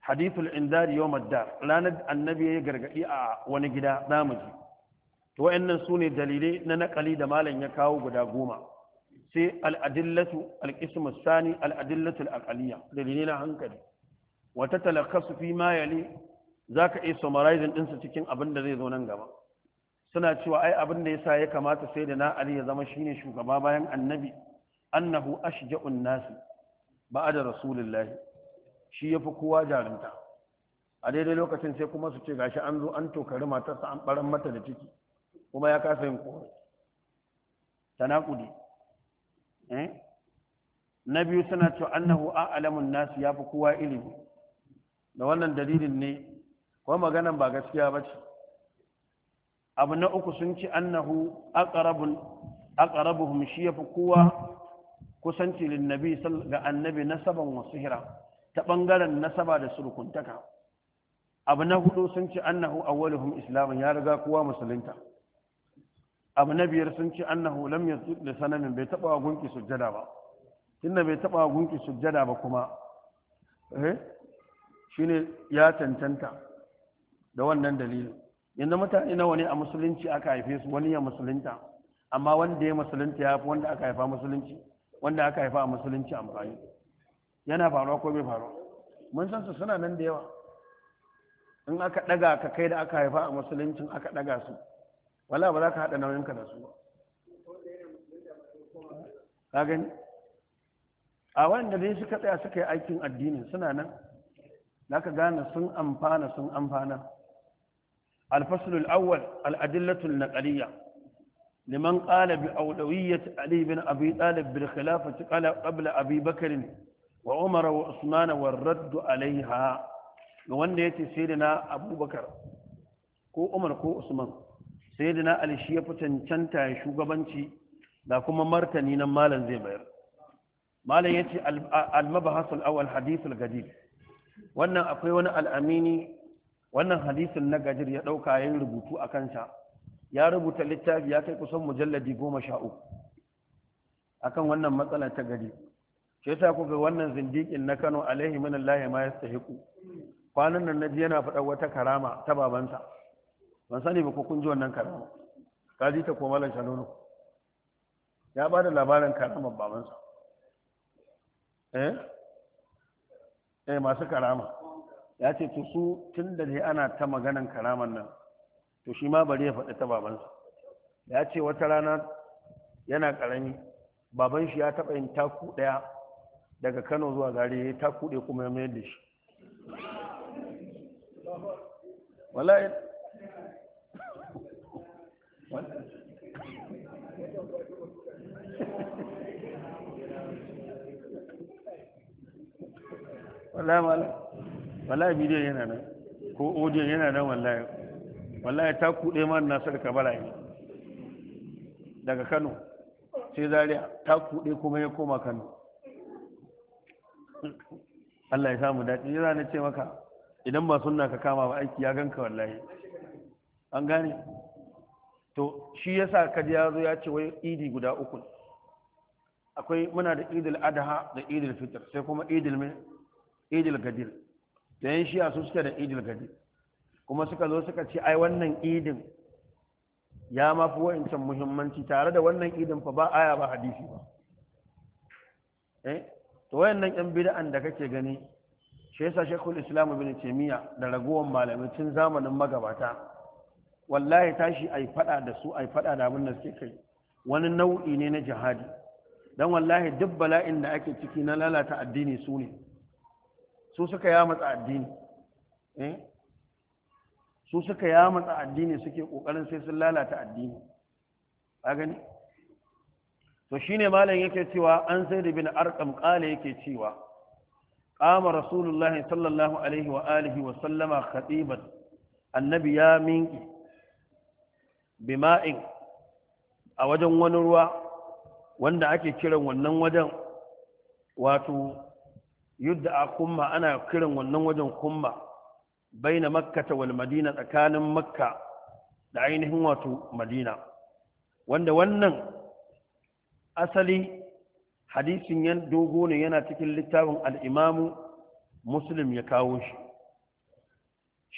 hadisul inzari yawm madda. dar ranar annabi ya gargadi a wani gida zamu ji to wayannan sune dalilai na nakali da malam ya kawo guda goma sai al'adillatu alƙismu sani al'adillatu al'aliya dalilai na hankali wata talakasu fi ma yali za ka iya summarizing su cikin abin da zai zo nan gaba suna cewa ai abin da ya sa ya kamata sai da na ali ya zama shine shugaba bayan annabi annahu ashja'un nasi da rasulullahi shi yafi kowa jarunta a daidai lokacin sai kuma su ce gashi an zo an tokari matarsa an baran mata da ciki kuma ya kasa yin kowa tanakudi Eh? na biyu suna cewa annahu a'lamun nasu ya fi kowa ilimi da wannan dalilin ne kuma maganan ba gaskiya ba ce abu na uku sun ci annahu ƙarabu aqrabuhum shi fi kowa kusanci linnabi ga annabi nasaban wasu hira, ta bangaren nasaba da surukuntaka abu na hudu sun ci annahu hun islamun ya riga kowa musulunta abu na biyar sun ce annahu lam su da sanamin bai taba wa gunki sujjada ba inda bai taba wa gunki sujjada ba kuma eh ne ya tantanta da wannan dalilin yanzu mutane nawa ne a musulunci aka haife su wani ya musulunta amma wanda ya musulunta ya fi wanda aka haifa musulunci wanda aka haifa a musulunci amfani yana faruwa ko bai faruwa mun san su suna nan da yawa in aka daga ka kai da aka haifa a musuluncin aka daga su wala ba za ka haɗa nauyinka da su ba gani a wanda zai suka tsaya suka yi aikin addinin suna nan za ka gane sun amfana sun amfana alfasulul awwal al'adillatul naqaliyya liman qala bi awdawiyyati ali ibn abi talib bil khilafati qala qabla abi bakr wa umar wa usman wa radd alayha wanda yace sayyidina abubakar ko umar ko usman sai da na shi ya fi cancanta ya shugabanci da kuma martani nan malam zai bayar malam ya ce mabahas awal awwal hadith wannan akwai wani al'amini wannan hadisin na gajir ya dauka yin rubutu a kansa ya rubuta littafi ya kai kusan mujalladi goma sha a akan wannan matsala ta gari shi ku kuga wannan zindikin na Kano alaihi minallahi ma yastahiqu kwanan nan na ji yana faɗa wata karama ta babansa ban sani ba ko kun ji wannan karama ka ji ta ko malam shanono ya ba da labarin karama babansa eh eh masu karama ya ce to su tun da dai ana ta maganan karaman nan to shi ma bari ya faɗi ta babansa ya ce wata rana yana karami baban shi ya taɓa yin taku ɗaya daga kano zuwa gari ya taku ɗaya kuma ya mayar da shi wallahi wallahi bidiyon yana nan ko odiyon yana nan wallahi wallahi ta kuɗe man nasar kabara ne daga kano sai zaria ta kuɗe kuma ya koma kano Allah ya samu daɗi yana na ce maka idan ba suna ka kama ba aiki ya ganka wallahi an gane to shi yasa kaji ya zo ya ce wai idi guda uku akwai muna da idil adha da idil fitr sai kuma idil min idil gadir da yan a su suke da idil gadir kuma suka zo suka ce ai wannan idin ya ma fi wa'incan muhimmanci tare da wannan idin fa ba aya ba hadisi ba eh to wayannan yan bid'an da kake gani shi yasa shekul islam ibn taymiya da ragowar malamai tun zamanin magabata wallahi tashi ai fada da su ai fada da abin da suke kai wani nau'i ne na jihadi Don wallahi duk bala'in da ake ciki na lalata addini su ne su suka yamatsa addini eh? su suka yamatsa addini suke kokarin sai sun lalata addini a gani to ne malam yake cewa an sai da bin arqam qala yake cewa kama rasulullahi sallallahu alaihi wa alihi wa sallama khatiban annabi ya minki bima'in a wajen wani ruwa wanda ake kiran wannan wajen wato yadda a kumma ana kiran wannan wajen kumma bai na makkata wal madina tsakanin makka da ainihin wato madina wanda wannan asali hadisin yan dogo ne yana cikin littafin al'imamu muslim ya kawo shi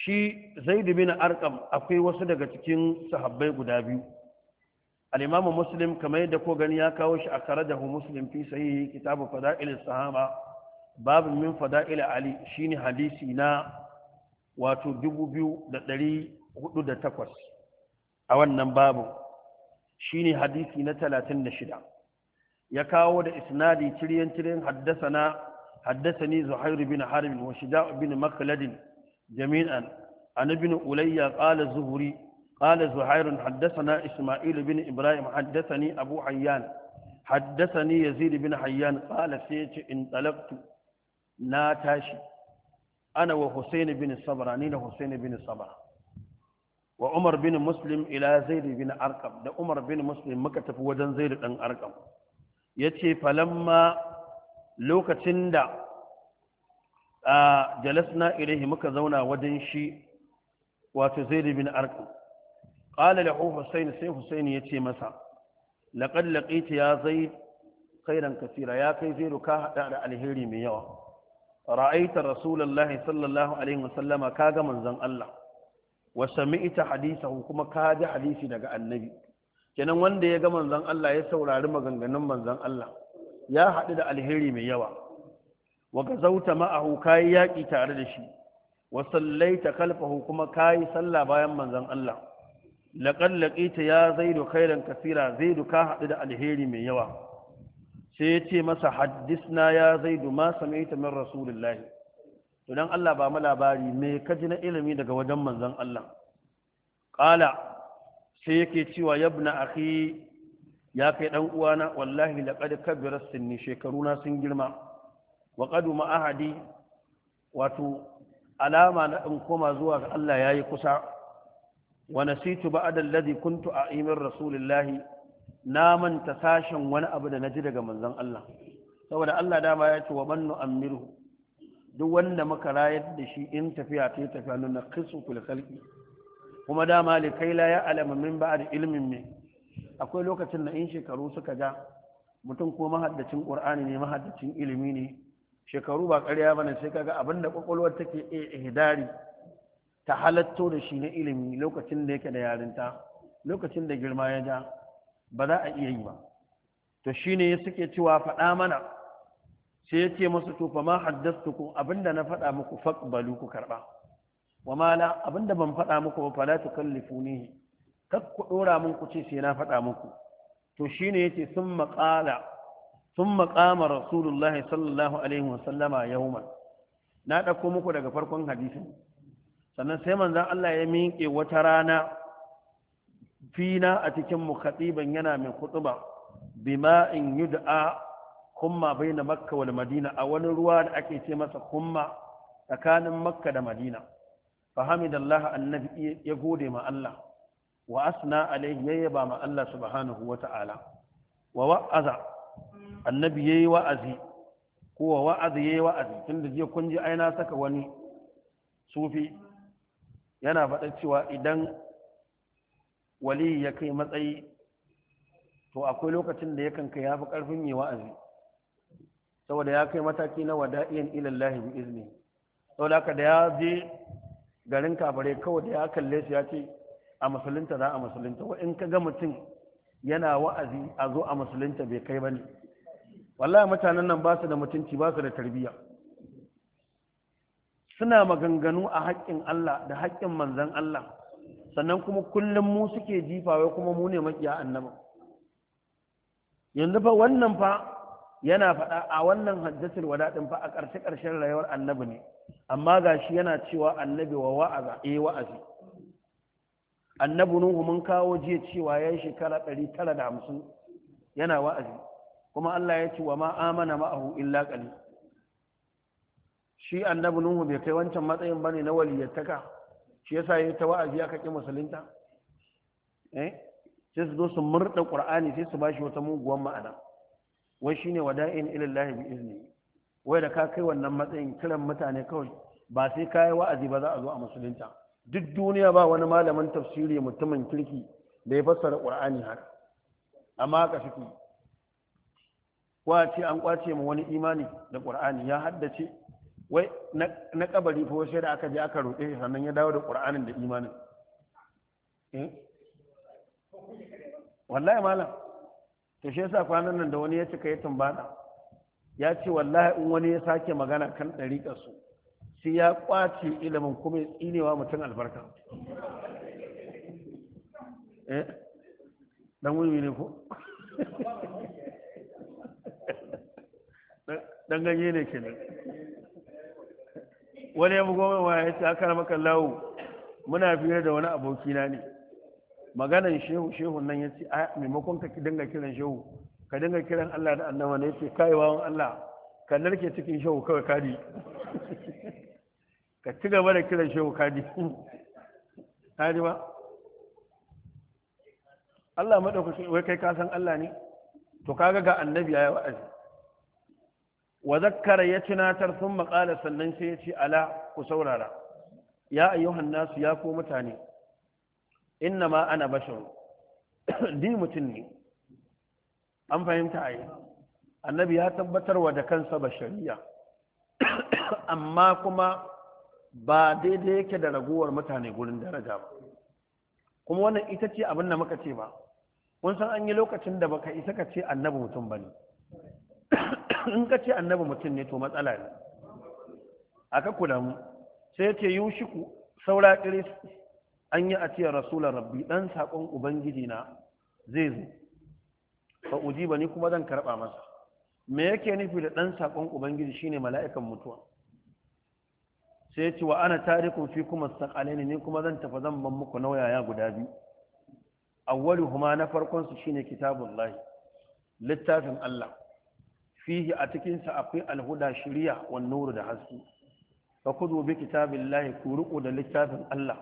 shi zaid bin arƙam akwai wasu daga cikin sahabbai guda biyu al-imamu kamar yadda ko gani ya kawo shi a karajahu muslim fi sahihi kitabu fada'il sahaba babu min fada'il ali shine hadisi na wato 2408 a wannan babu shine hadisi na 36 ya kawo da isnadi ciryen ciryen haddasa na haddasa ni zuhairu bin harbin wa shida bin makladin جميعا عن ابن أولي قال الزهري قال زهير حدثنا إسماعيل بن إبراهيم حدثني أبو حيان حدثني يزيد بن حيان قال سيت انطلقت ناتاشي أنا وحسين بن الصبرانين حسين بن الصبر وعمر بن مسلم إلى زيد بن أرقم ده عمر بن مسلم مكتف وجن زيد بن أرقم يتي فلما لوكتين ده a jalasna ilaihi muka zauna wajen shi wato zaid bin arqam qala lahu husayn sai ya ce masa laqad laqita ya zai khairan kasira ya kai zaid ka hada da alheri mai yawa ra'aita rasulullahi sallallahu alaihi wasallama ga manzon Allah wa sami'ta hadisahu kuma kaji hadisi daga annabi kenan wanda ya ga manzon Allah ya saurari maganganun manzon Allah ya haɗu da alheri mai yawa wa gazauta ma'ahu kayi yaƙi tare da shi wa sallaita khalfahu kuma kayi sallah bayan manzon Allah laqad ta ya zaidu khairan kasira zaidu ka haɗu da alheri mai yawa sai ya ce masa haddisna ya zaidu ma samaita min rasulullahi to dan Allah ba mu labari me ka ji na ilimi daga wajen manzon Allah qala sai yake cewa yabna akhi ya kai dan uwana wallahi laqad kabira sinni shekaru na sun girma wa ma'ahadi, ahadi wato alama na in koma zuwa ga Allah yayi kusa wa nasitu ba'da ladi kuntu iman rasulullahi na manta sashen wani abu da ji daga manzon Allah saboda Allah dama ya ce wa bannu nu'ammiru duk wanda muka rayar da shi in tafiya ta yi tafiya nuna kisu fil kuma dama li kai la ya alama min da ilmin me akwai lokacin da in shekaru suka ja mutum ko mahaddacin ƙur'ani ne mahaddacin ilimi ne shekaru ba ƙarya ne sai kaga abin da kwakwalwar take ihdari ta halatto da shi na ilimi lokacin da yake da yarinta lokacin da girma ya ja ba za a iya yi ba to shi ne suke cewa faɗa mana sai ya ce masu tufa ma ku ku abinda na faɗa muku faqbalu ku karɓa wa mala abinda ban faɗa muku ba fala tukallifunihi kak ku ɗora mun ku ce sai na faɗa muku to shi ne ya ce sun maƙala sun maƙama rasulullahi sallallahu alaihi wasallama yawman na ɗauko muku daga farkon hadisin sannan sai manzan Allah ya miƙe wata rana fina a cikin mu yana mai kutuba bima in yud'a kumma baina makka wal madina a wani ruwa da ake ce masa kumma tsakanin makka da madina fa hamidallah annabi ya gode ma Allah wa asna alaihi yayba ma Allah subhanahu wa ta'ala wa wa'aza annabi ya yi wa'azi kowa wa'azi ya yi wa'azi tunda jiya kun aina saka wani sufi yana faɗa cewa idan wali ya kai matsayi to akwai lokacin da yakan kai fi ƙarfin yi wa'azi saboda ya kai mataki na wada'iyan ilallahi bi izni saboda haka da ya je garin kabare kawai da ya kalle su ya ce a musulunta za a musulunta wa in ka ga mutum yana wa'azi a zo a musulunta bai kai ba ne wallahi mutanen nan ba su da mutunci ba su da tarbiyya suna maganganu a haƙƙin Allah da haƙƙin manzan Allah sannan kuma kullum mu suke jifawa kuma mu ne maƙiya annaba yanzu fa wannan fa yana faɗa a wannan hajjatul wadaɗin fa a ƙarshe ƙarshen rayuwar annabi ne amma ga shi yana cewa annabi wa wa'aza eh wa'azi annabi nuhu mun kawo jiya cewa ya yi shekara 950 yana wa'azi kuma Allah ya ce wa ma amana ma'ahu illa laƙali. shi annabu nuhu bai kai wancan matsayin bane na waliyyattaka? shi yasa yayi ta wa'azi aka ki musulunta eh sai su zo su murda qur'ani sai su bashi wata muguwar ma'ana wai shine wada'in ila bi izni wai da ka kai wannan matsayin kiran mutane kawai ba sai kai wa'azi ba za a zo a musulunta duk duniya ba wani malamin tafsiri mutumin kirki da ya fassara qur'ani har amma ka suke kwace an kwace mu wani imani da qur'ani. ya haddace wai na kabari fa sai da aka je aka roƙe shi sannan ya dawo da qur'anin da imanin eh? wallahi malam to shi yasa kwanan nan da wani ya cika ya tumbana ya ce wallahi in wani ya sake magana kan ɗariƙar su sai ya kwace ilimin kuma inewa mutum albarka eh? dan wuyi ne ko dan ganye ne kenan wani ya bugo wa ya ce aka maka lawo muna fiye da wani abokina ne maganan shehu shehu nan ya ce a maimakon ka dinga kiran shehu ka dinga kiran Allah da annaba ne ya ce kaiwa Allah ka narke cikin shehu kawai kadi ka ci gaba da kiran shehu kadi kadi ba Allah madaukaki wai kai ka san Allah ne to kaga ga annabi ya wa'azi wa zakkara ya tunatar sun maƙala sannan sai ya ce ala ku saurara ya ayyuhan nasu ya ko mutane inna ma ana bashar ni mutum ne an fahimta a yi annabi ya tabbatar wa da kansa bashariya amma kuma ba daidai yake da ragowar mutane gurin daraja ba kuma wannan ita ce abin da muka ce ba kun san an yi lokacin da baka isa ka ce annabi mutum ba ne in ka ce annabi mutum ne to matsala ne a ka kula mu sai ce ku saura kiris an yi a ce rasular rabbi dan saƙon ubangiji na zai zo Ba uji ba ni kuma zan karɓa masa me yake nufi da ɗan saƙon ubangiji shine mala'ikan mutuwa sai ya ce wa ana tariku fi kuma sakalaini ne kuma zan tafi zan ban muku nauyaya guda biyu awwalu huma na farkon su shine lahi. littafin Allah fihi a cikin sa akwai alhuda shiriya wan nuru da haske fa kudu bi lahi ku riƙo da littafin Allah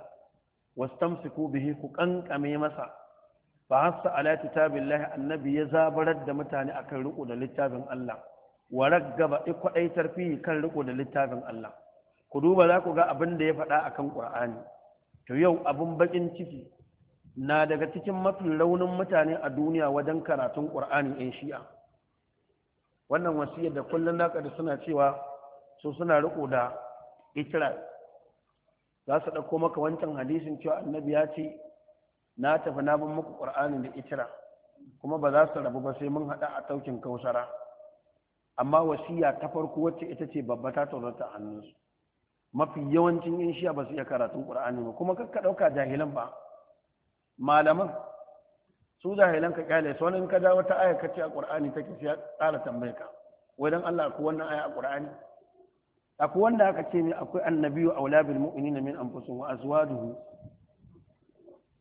wastamsiku bihi ku kankame masa fa hasa ala kitabillahi annabi ya zabarar da mutane akan riƙo da littafin Allah wa raggaba ikwadaitar fihi kan riƙo da littafin Allah ku duba za ku ga abin da ya faɗa a kan ƙur'ani to yau abin baƙin ciki na daga cikin mafi raunin mutane a duniya wajen karatun ƙur'ani in shi'a wannan wasiyar da kullum na suna cewa su suna riko da ikira za su ɗauko maka wancan hadisin cewa annabi ya ce na tafi na bin muku ƙur'ani da ikira kuma ba za su rabu ba sai mun haɗa a taukin kausara amma wasiya ta farko wacce ita ce babba ta ta hannunsu mafi yawancin yin shiya ba su iya karatun ƙura'ani ba kuma kakka ɗauka jahilan ba malaman su jahilan ka kyale su wani in ka dawo ta aya a ƙura'ani take sai ya tsara tambaye ka wai Allah ku wannan aya a A akwai wanda aka ce ne akwai annabiyu aula mu'ini na min amfusun wa azwajuhu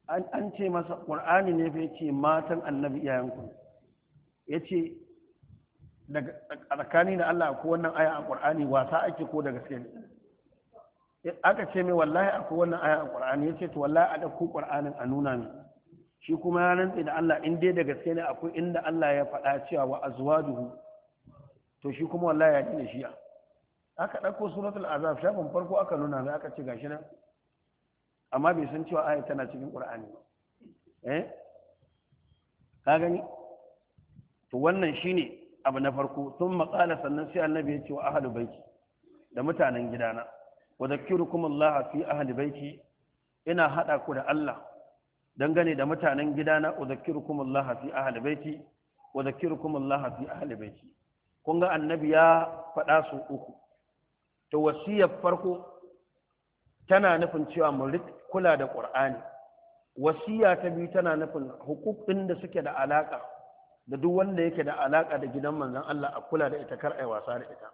an an ce masa ƙura'ani ne fa ce matan annabi iyayen ku yace daga tsakani da Allah akwai wannan aya a qur'ani wasa ake ko da gaske ne aka ce mai wallahi akwai wannan aya a ya ce to wallahi a dauko qur'anin a nuna ni shi kuma ya rantse da Allah in dai da gaske ne akwai inda Allah ya faɗa cewa wa azwajuhu to shi kuma wallahi ya ji da shi aka dauko suratul azab shafin farko aka nuna mai aka ce gashi nan amma bai san cewa aya tana cikin qur'ani ba eh ka gani to wannan shine abu na farko sun maƙala sannan sai annabi ya ce wa ahalu baiki da mutanen gidana wa zakkirukum Allah fi ahli baiti ina hada ku da Allah dangane da mutanen gidana wa zakkirukum Allah fi ahli baiti wa zakkirukum Allah fi ahli baiti kun ga annabi ya faɗa su uku to wasiyar farko tana nufin cewa mu kula da Qur'ani wasiya ta biyu tana nufin hukukin da suke da alaka da duk wanda yake da alaka da gidan manzon Allah a kula da ita kar ai wasa da ita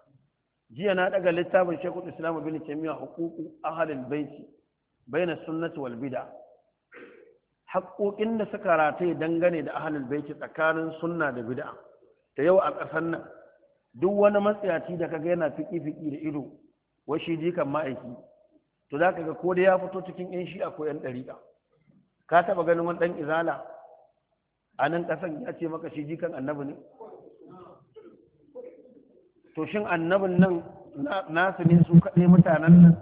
jiya na daga littafin shekul islam bin taimiyya hukuku ahalin baiti baina sunnati wal bid'a haƙoƙin da suka rataye dangane da ahalin baiti tsakanin sunna da bid'a da yau a ƙasar nan duk wani matsayaci da kaga yana fiki fiki da ido wai jikan ma'aiki to za ka ga ko da ya fito cikin yan shi a yan ɗariƙa ka taɓa ganin wani ɗan izala a nan ƙasan ya ce maka shi jikan annabi ne to shin annabin nan nasu ne su kaɗai mutanen nan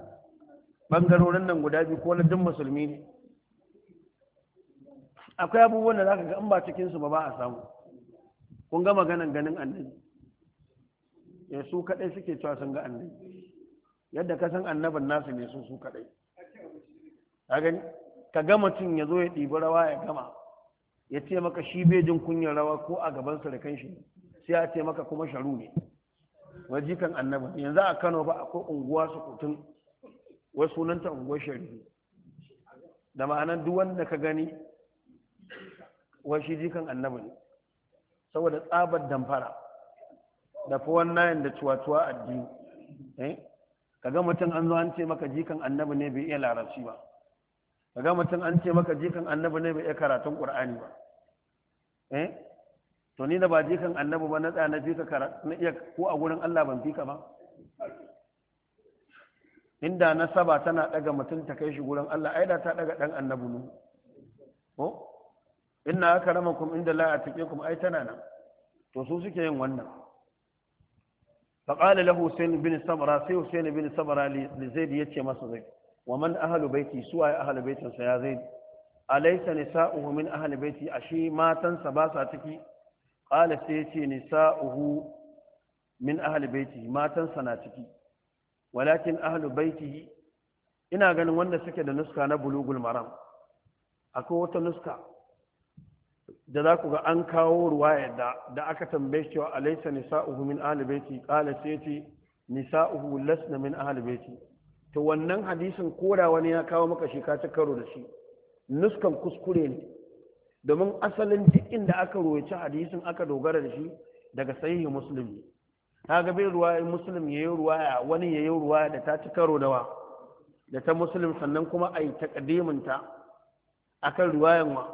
ɓangarorin nan guda biyu ko na duk musulmi ne akwai abubuwan da za ka ga in ba cikinsu ba ba a samu kun ga maganan ganin annabi ya eh, su kaɗai suke cewa sun ga annabi yadda ka san annabin nasu ne su su kaɗai ka ka ga mutum ya zo ya ɗibi rawa ya gama ya ce maka shi bejin kunyar rawa ko a gaban sarakan shi sai ya ce maka kuma sharu ne wajikan annabi yanzu a Kano ba akwai unguwa su kutun wai sunanta unguwar sharifi da ma'anar duk wanda ka gani wai shi jikan annabi ne saboda tsabar damfara da fi wannan da cuwa-cuwa addini eh? ga mutum an zo an ce maka jikan annabi ne bai iya larasi ba ga mutum an ce maka jikan annabi ne bai iya karatun ƙur'ani ba eh to ni da ba jikan annabi ba na tsana fi ka na iya ko a gurin Allah ban fi ka ba inda na saba tana daga mutum ta kai shi gurin Allah ai da ta daga dan annabi ne ko inna akramakum inda la atiqukum ai tana nan to su suke yin wannan fa qala lahu sin bin samra sai husain bin samra li zaid yace masa zai, wa man ahlu baiti suwa ahlu baitin sa ya zaid alaysa nisa'uhu min ahli baiti ashi matan sa ba sa tiki qala sai yace nisa'uhu min ahli baitihi matansa na ciki walakin ahli baitihi ina ganin wanda suke da nuska na bulugul maram akwai wata nuska da za ku ga an kawo ruwaya da da aka tambaye cewa alaysa nisa'uhu min ahli baiti qala sai nisa'uhu lasna min ahli baiti to wannan hadisin koda wani ya kawo maka shi ka ci karo da shi nuskan kuskure ne domin asalin duk inda aka roci hadisin aka dogara da shi daga sahihi muslim ta ga bai ruwaya muslim ya yi ruwaya wani ya yi ruwaya da ta ci karo da wa da ta muslim sannan kuma a yi takadiminta a kan ruwayan wa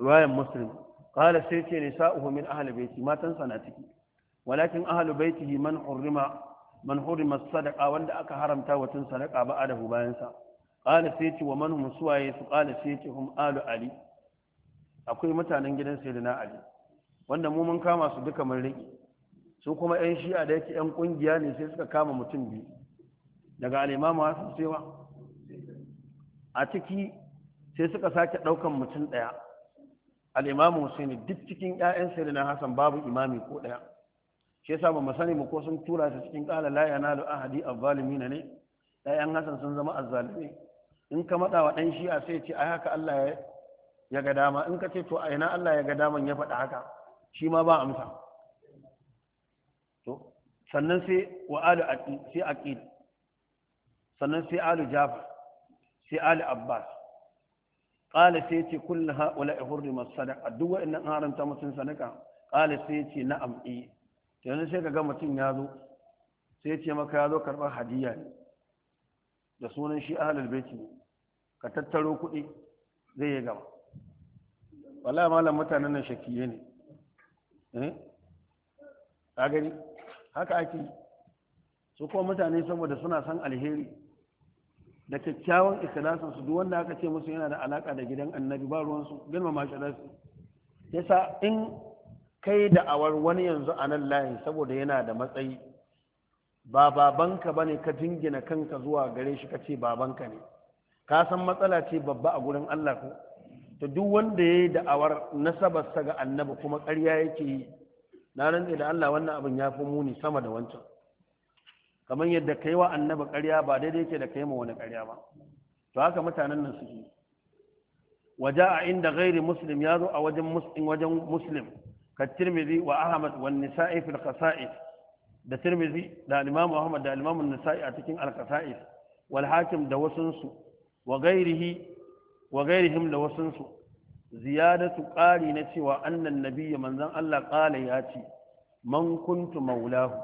ruwayan muslim kala sai ce ne sa'uhu min ahal baiti matansa na ciki walakin ahal baiti man hurrima man hurrima sadaqa wanda aka haramta watan sadaqa ba adahu bayansa kala sai ce wa man musuwaye su kala sai ce hum alu ali akwai mutanen gidan sayyidina ali wanda mu mun kama su duka mun riki su kuma yan shi'a da yake yan kungiya ne sai suka kama mutum biyu daga al-imamu hasan sewa a ciki sai suka sake ɗaukan mutum ɗaya al-imamu husaini duk cikin ƴaƴan sayyidina hasan babu imami ko ɗaya shi yasa ba mu ko sun tura su cikin qala la yanalu ahadi az-zalimin ne ƴaƴan hasan sun zama az-zalimi in ka maɗa wa ɗan shi'a sai ce ai haka Allah ya ya ga dama in ka ce to a ina Allah ya ga daman ya faɗa haka shi ma ba amsa to sannan sai wa alu sai aqid sannan sai alu jafar sai alu abbas qala sai ce kullu haula hurrimat sadaqa duk wa'annan haramta mutun sadaka qala sai ce na'am eh yanzu sai kaga mutun ya zo sai ce maka ya zo karɓar hadiya ne da sunan shi ahlul baiti ka tattaro kuɗi zai yi gaba wala malam mutanen nan shakkiye ne eh a gani haka ake su kuma mutane saboda suna san alheri da kyakkyawan ikilasin su duk wanda aka ce musu yana da alaka da gidan annabi ba ruwansu su shi da su yasa in kai da awar wani yanzu a nan layin saboda yana da matsayi ba babanka bane ka jingina kanka zuwa gare shi kace babanka ne ka san matsala ce babba a gurin Allah ko to duk wanda ya yi da'awar nasabarsa ga annabi kuma ƙarya yake yi na rantse da Allah wannan abin ya fi muni sama da wancan kamar yadda kai wa annabi ƙarya ba daidai yake da kai ma wani ƙarya ba to haka mutanen nan suke waja a inda gairi muslim ya zo a wajen muslim wajen muslim ka tirmidhi wa ahmad wa nisa'i fil qasa'is da tirmidhi da imamu ahmad da imamu nisa'i a cikin al Walhakim wal hakim da wasunsu wa gairihi wa gairihim da wasunsu ziyadatu ƙari na cewa annan nabiyya manzon Allah ƙala ya ce man kuntu maulahu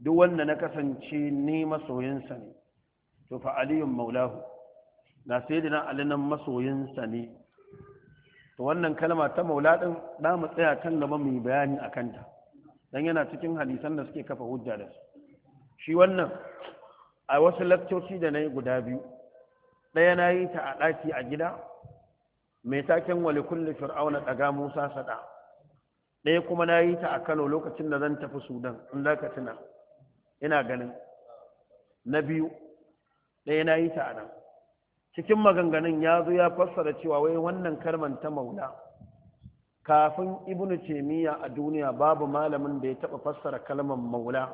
duk wanda na kasance ni masoyinsa ne to fa aliyun maulahu na da ali nan masoyinsa ne to wannan kalma ta maula ɗin, da mu tsaya kan gaba mai bayani a kanta, don yana cikin hadisan da suke kafa hujja da su shi wannan a wasu lakcoci da nayi guda biyu ɗaya na yi ta a ɗaki a gida mai taken wali kulle fir'auna ɗaga musa saɗa ɗaya kuma na yi ta a kano lokacin da zan tafi sudan in za ka tuna ina ganin na biyu ɗaya na yi ta a nan cikin maganganun ya zo ya fassara cewa wai wannan karman ta maula kafin ibnu cemiyya a duniya babu malamin da ya taɓa fassara kalmar maula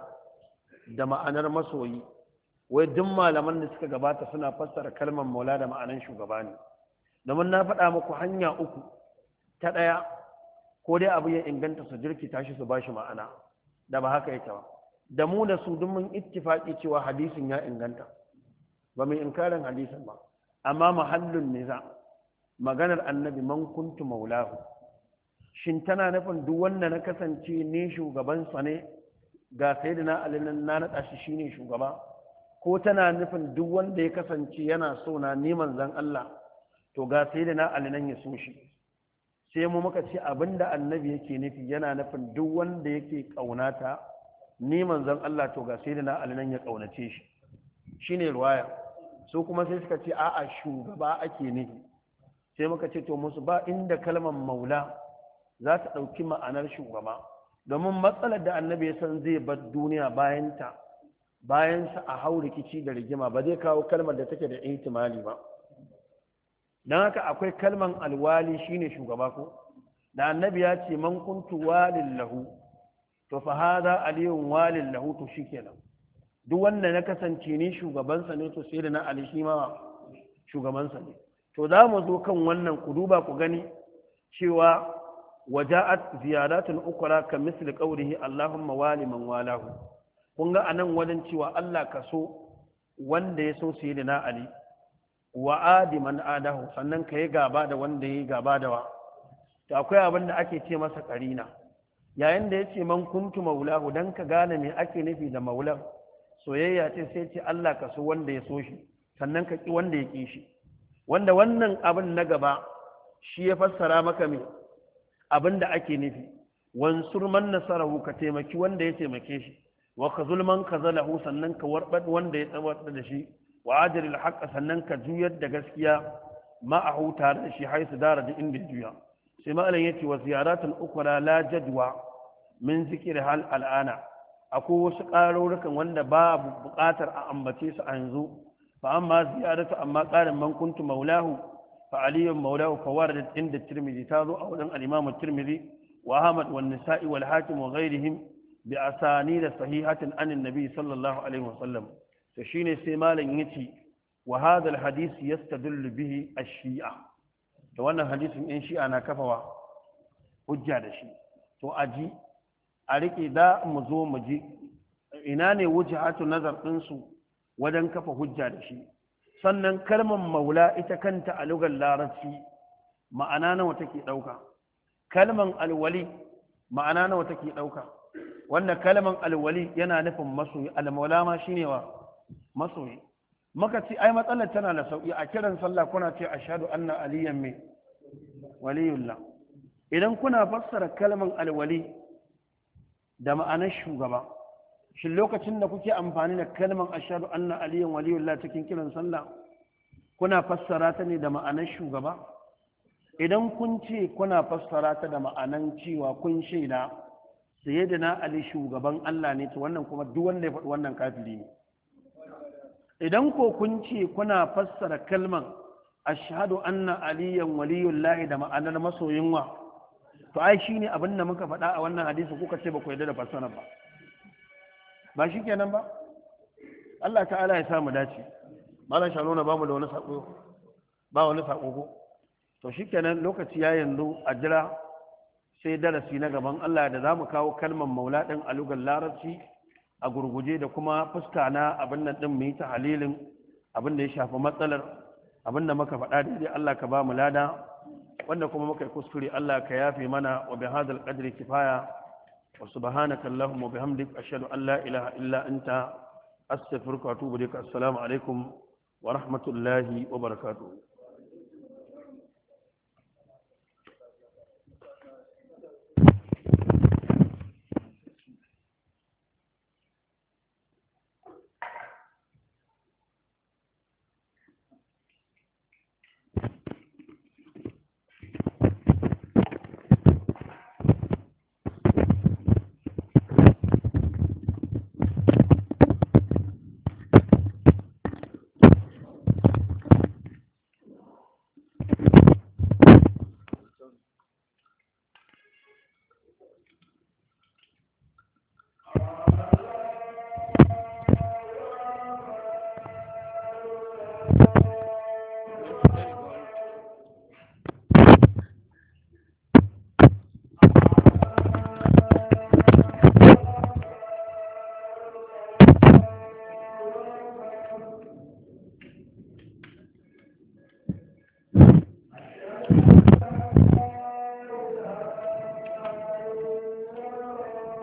da ma'anar masoyi wai duk malaman da suka gabata suna fassara kalmar maula da ma'anan shugaba ne domin na faɗa muku hanya uku ta ɗaya ko dai abu ya inganta su jirki tashi su bashi ma'ana da ba haka yake ba da mu da su duk mun ittifaqi cewa hadisin ya inganta ba mu inkarin hadisin ba amma mahallun niza maganar annabi man kuntu maulahu shin tana nufin duk wanda na kasance ne sa ne ga sayyidina ali na naɗa shi shine shugaba ko tana nufin duk wanda ya kasance yana so na neman zan Allah to ga sai da na alinan ya so shi sai mu muka ce abinda annabi yake nufi yana nufin duk wanda yake kaunata neman zan Allah to ga sai da na alinan ya kaunace shi shine ruwaya su kuma sai suka ce a'a shugaba ake nufi sai muka ce to musu ba inda kalmar maula za ta ɗauki ma'anar shugaba domin matsalar da annabi ya san zai bar duniya bayanta bayan sa a hau rikici da rigima ba zai kawo kalmar da take da ihtimali ba dan haka akwai kalmar alwali shine shugaba ko da annabi ya ce man kuntu walin lahu to fa hada aliyun walin lahu to shikenan duk wanda na kasance ni shugaban sa ne to sai da na ali shi ma sa ne to za mu zo kan wannan ku duba ku gani cewa waja'at ziyaratul ukra ka qawlihi allahumma wali man walahu kun ga anan wajen cewa Allah ka so wanda ya so sai na Ali wa adi man adahu sannan ka yi gaba da wanda ya yi gaba da wa to akwai abin da ake ce masa karina yayin da ya ce man kuntu maulahu dan ka gane me ake nufi da maulan soyayya ce sai ce Allah ka so wanda ya so shi sannan ka ki wanda ya ki shi wanda wannan abin na gaba shi ya fassara maka me abin da ake nufi wansur man nasarahu ka taimaki wanda ya taimake shi wa ka zulman ka zalahu sannan ka warbar wanda ya tsawatar da shi wa ajalil haqqa sannan ka juyar da gaskiya ma'ahu tare da shi haisu dara da inda juya sai malam yace wa ziyaratun ukura la jadwa min zikri hal al'ana akwai wasu ƙarurrukan wanda ba buƙatar a ambace su a yanzu fa amma ziyaratu amma ƙarin man kuntu maulahu fa aliyun maulahu fa waradat inda tirmidhi ta zo a wajen al-imam tirmidhi wa ahmad wan nisa'i wal hakim wa ghairihim bi asani da sahihatin anin nabi sallallahu alaihi wasallam to shine sai malam yace wa hadha alhadith yastadullu bihi ash-shi'a to wannan hadisin in shi'a na kafawa hujja da shi to aji a rike da mu zo mu ji ina ne wujhatu nazar din su wajen kafa hujja da shi sannan kalmar maula ita kanta a lugar larabci ma'ana nawa take dauka kalmar alwali ma'ana nawa take dauka wannan kalman alwali yana nufin masoyi almaula ma shine wa masoyi maka ce ai matsalar tana da sauki a kiran sallah kuna ce ashhadu anna aliyan me waliyullah idan kuna fassara kalman alwali da ma'anar shugaba shin lokacin da kuke amfani da kalman ashhadu anna aliyan waliyullah cikin kiran sallah kuna fassara ta ne da ma'anar shugaba idan kun ce kuna fassara ta da ma'anan cewa kun shaida sayyidina ali shugaban Allah ne to wannan kuma duk wanda ya faɗi wannan kafiri ne idan ko kun ce kuna fassara kalman ashhadu anna aliyan waliyullahi da ma'anar masoyin wa to ai shine abin da muka faɗa a wannan hadisi kuka ce ba ku yarda da fassara ba ba shikenan ba Allah ta'ala ya samu dace malam shalona ba mu da wani sako ba wani sako ko to shikenan lokaci ya yanzu a jira sai darasi na gaban Allah da za mu kawo kalmar maula ɗin a larabci a gurguje da kuma fuska na abin nan ɗin mai ta halilin abin da ya shafi matsalar abin da muka faɗa daidai Allah ka ba mu lada wanda kuma muka yi kuskure Allah ka yafe mana wa bi hadal qadri kifaya wa subhanaka allahumma wa bihamdik ashhadu an la ilaha illa anta astaghfiruka wa atubu ilaik assalamu alaikum wa rahmatullahi wa barakatuh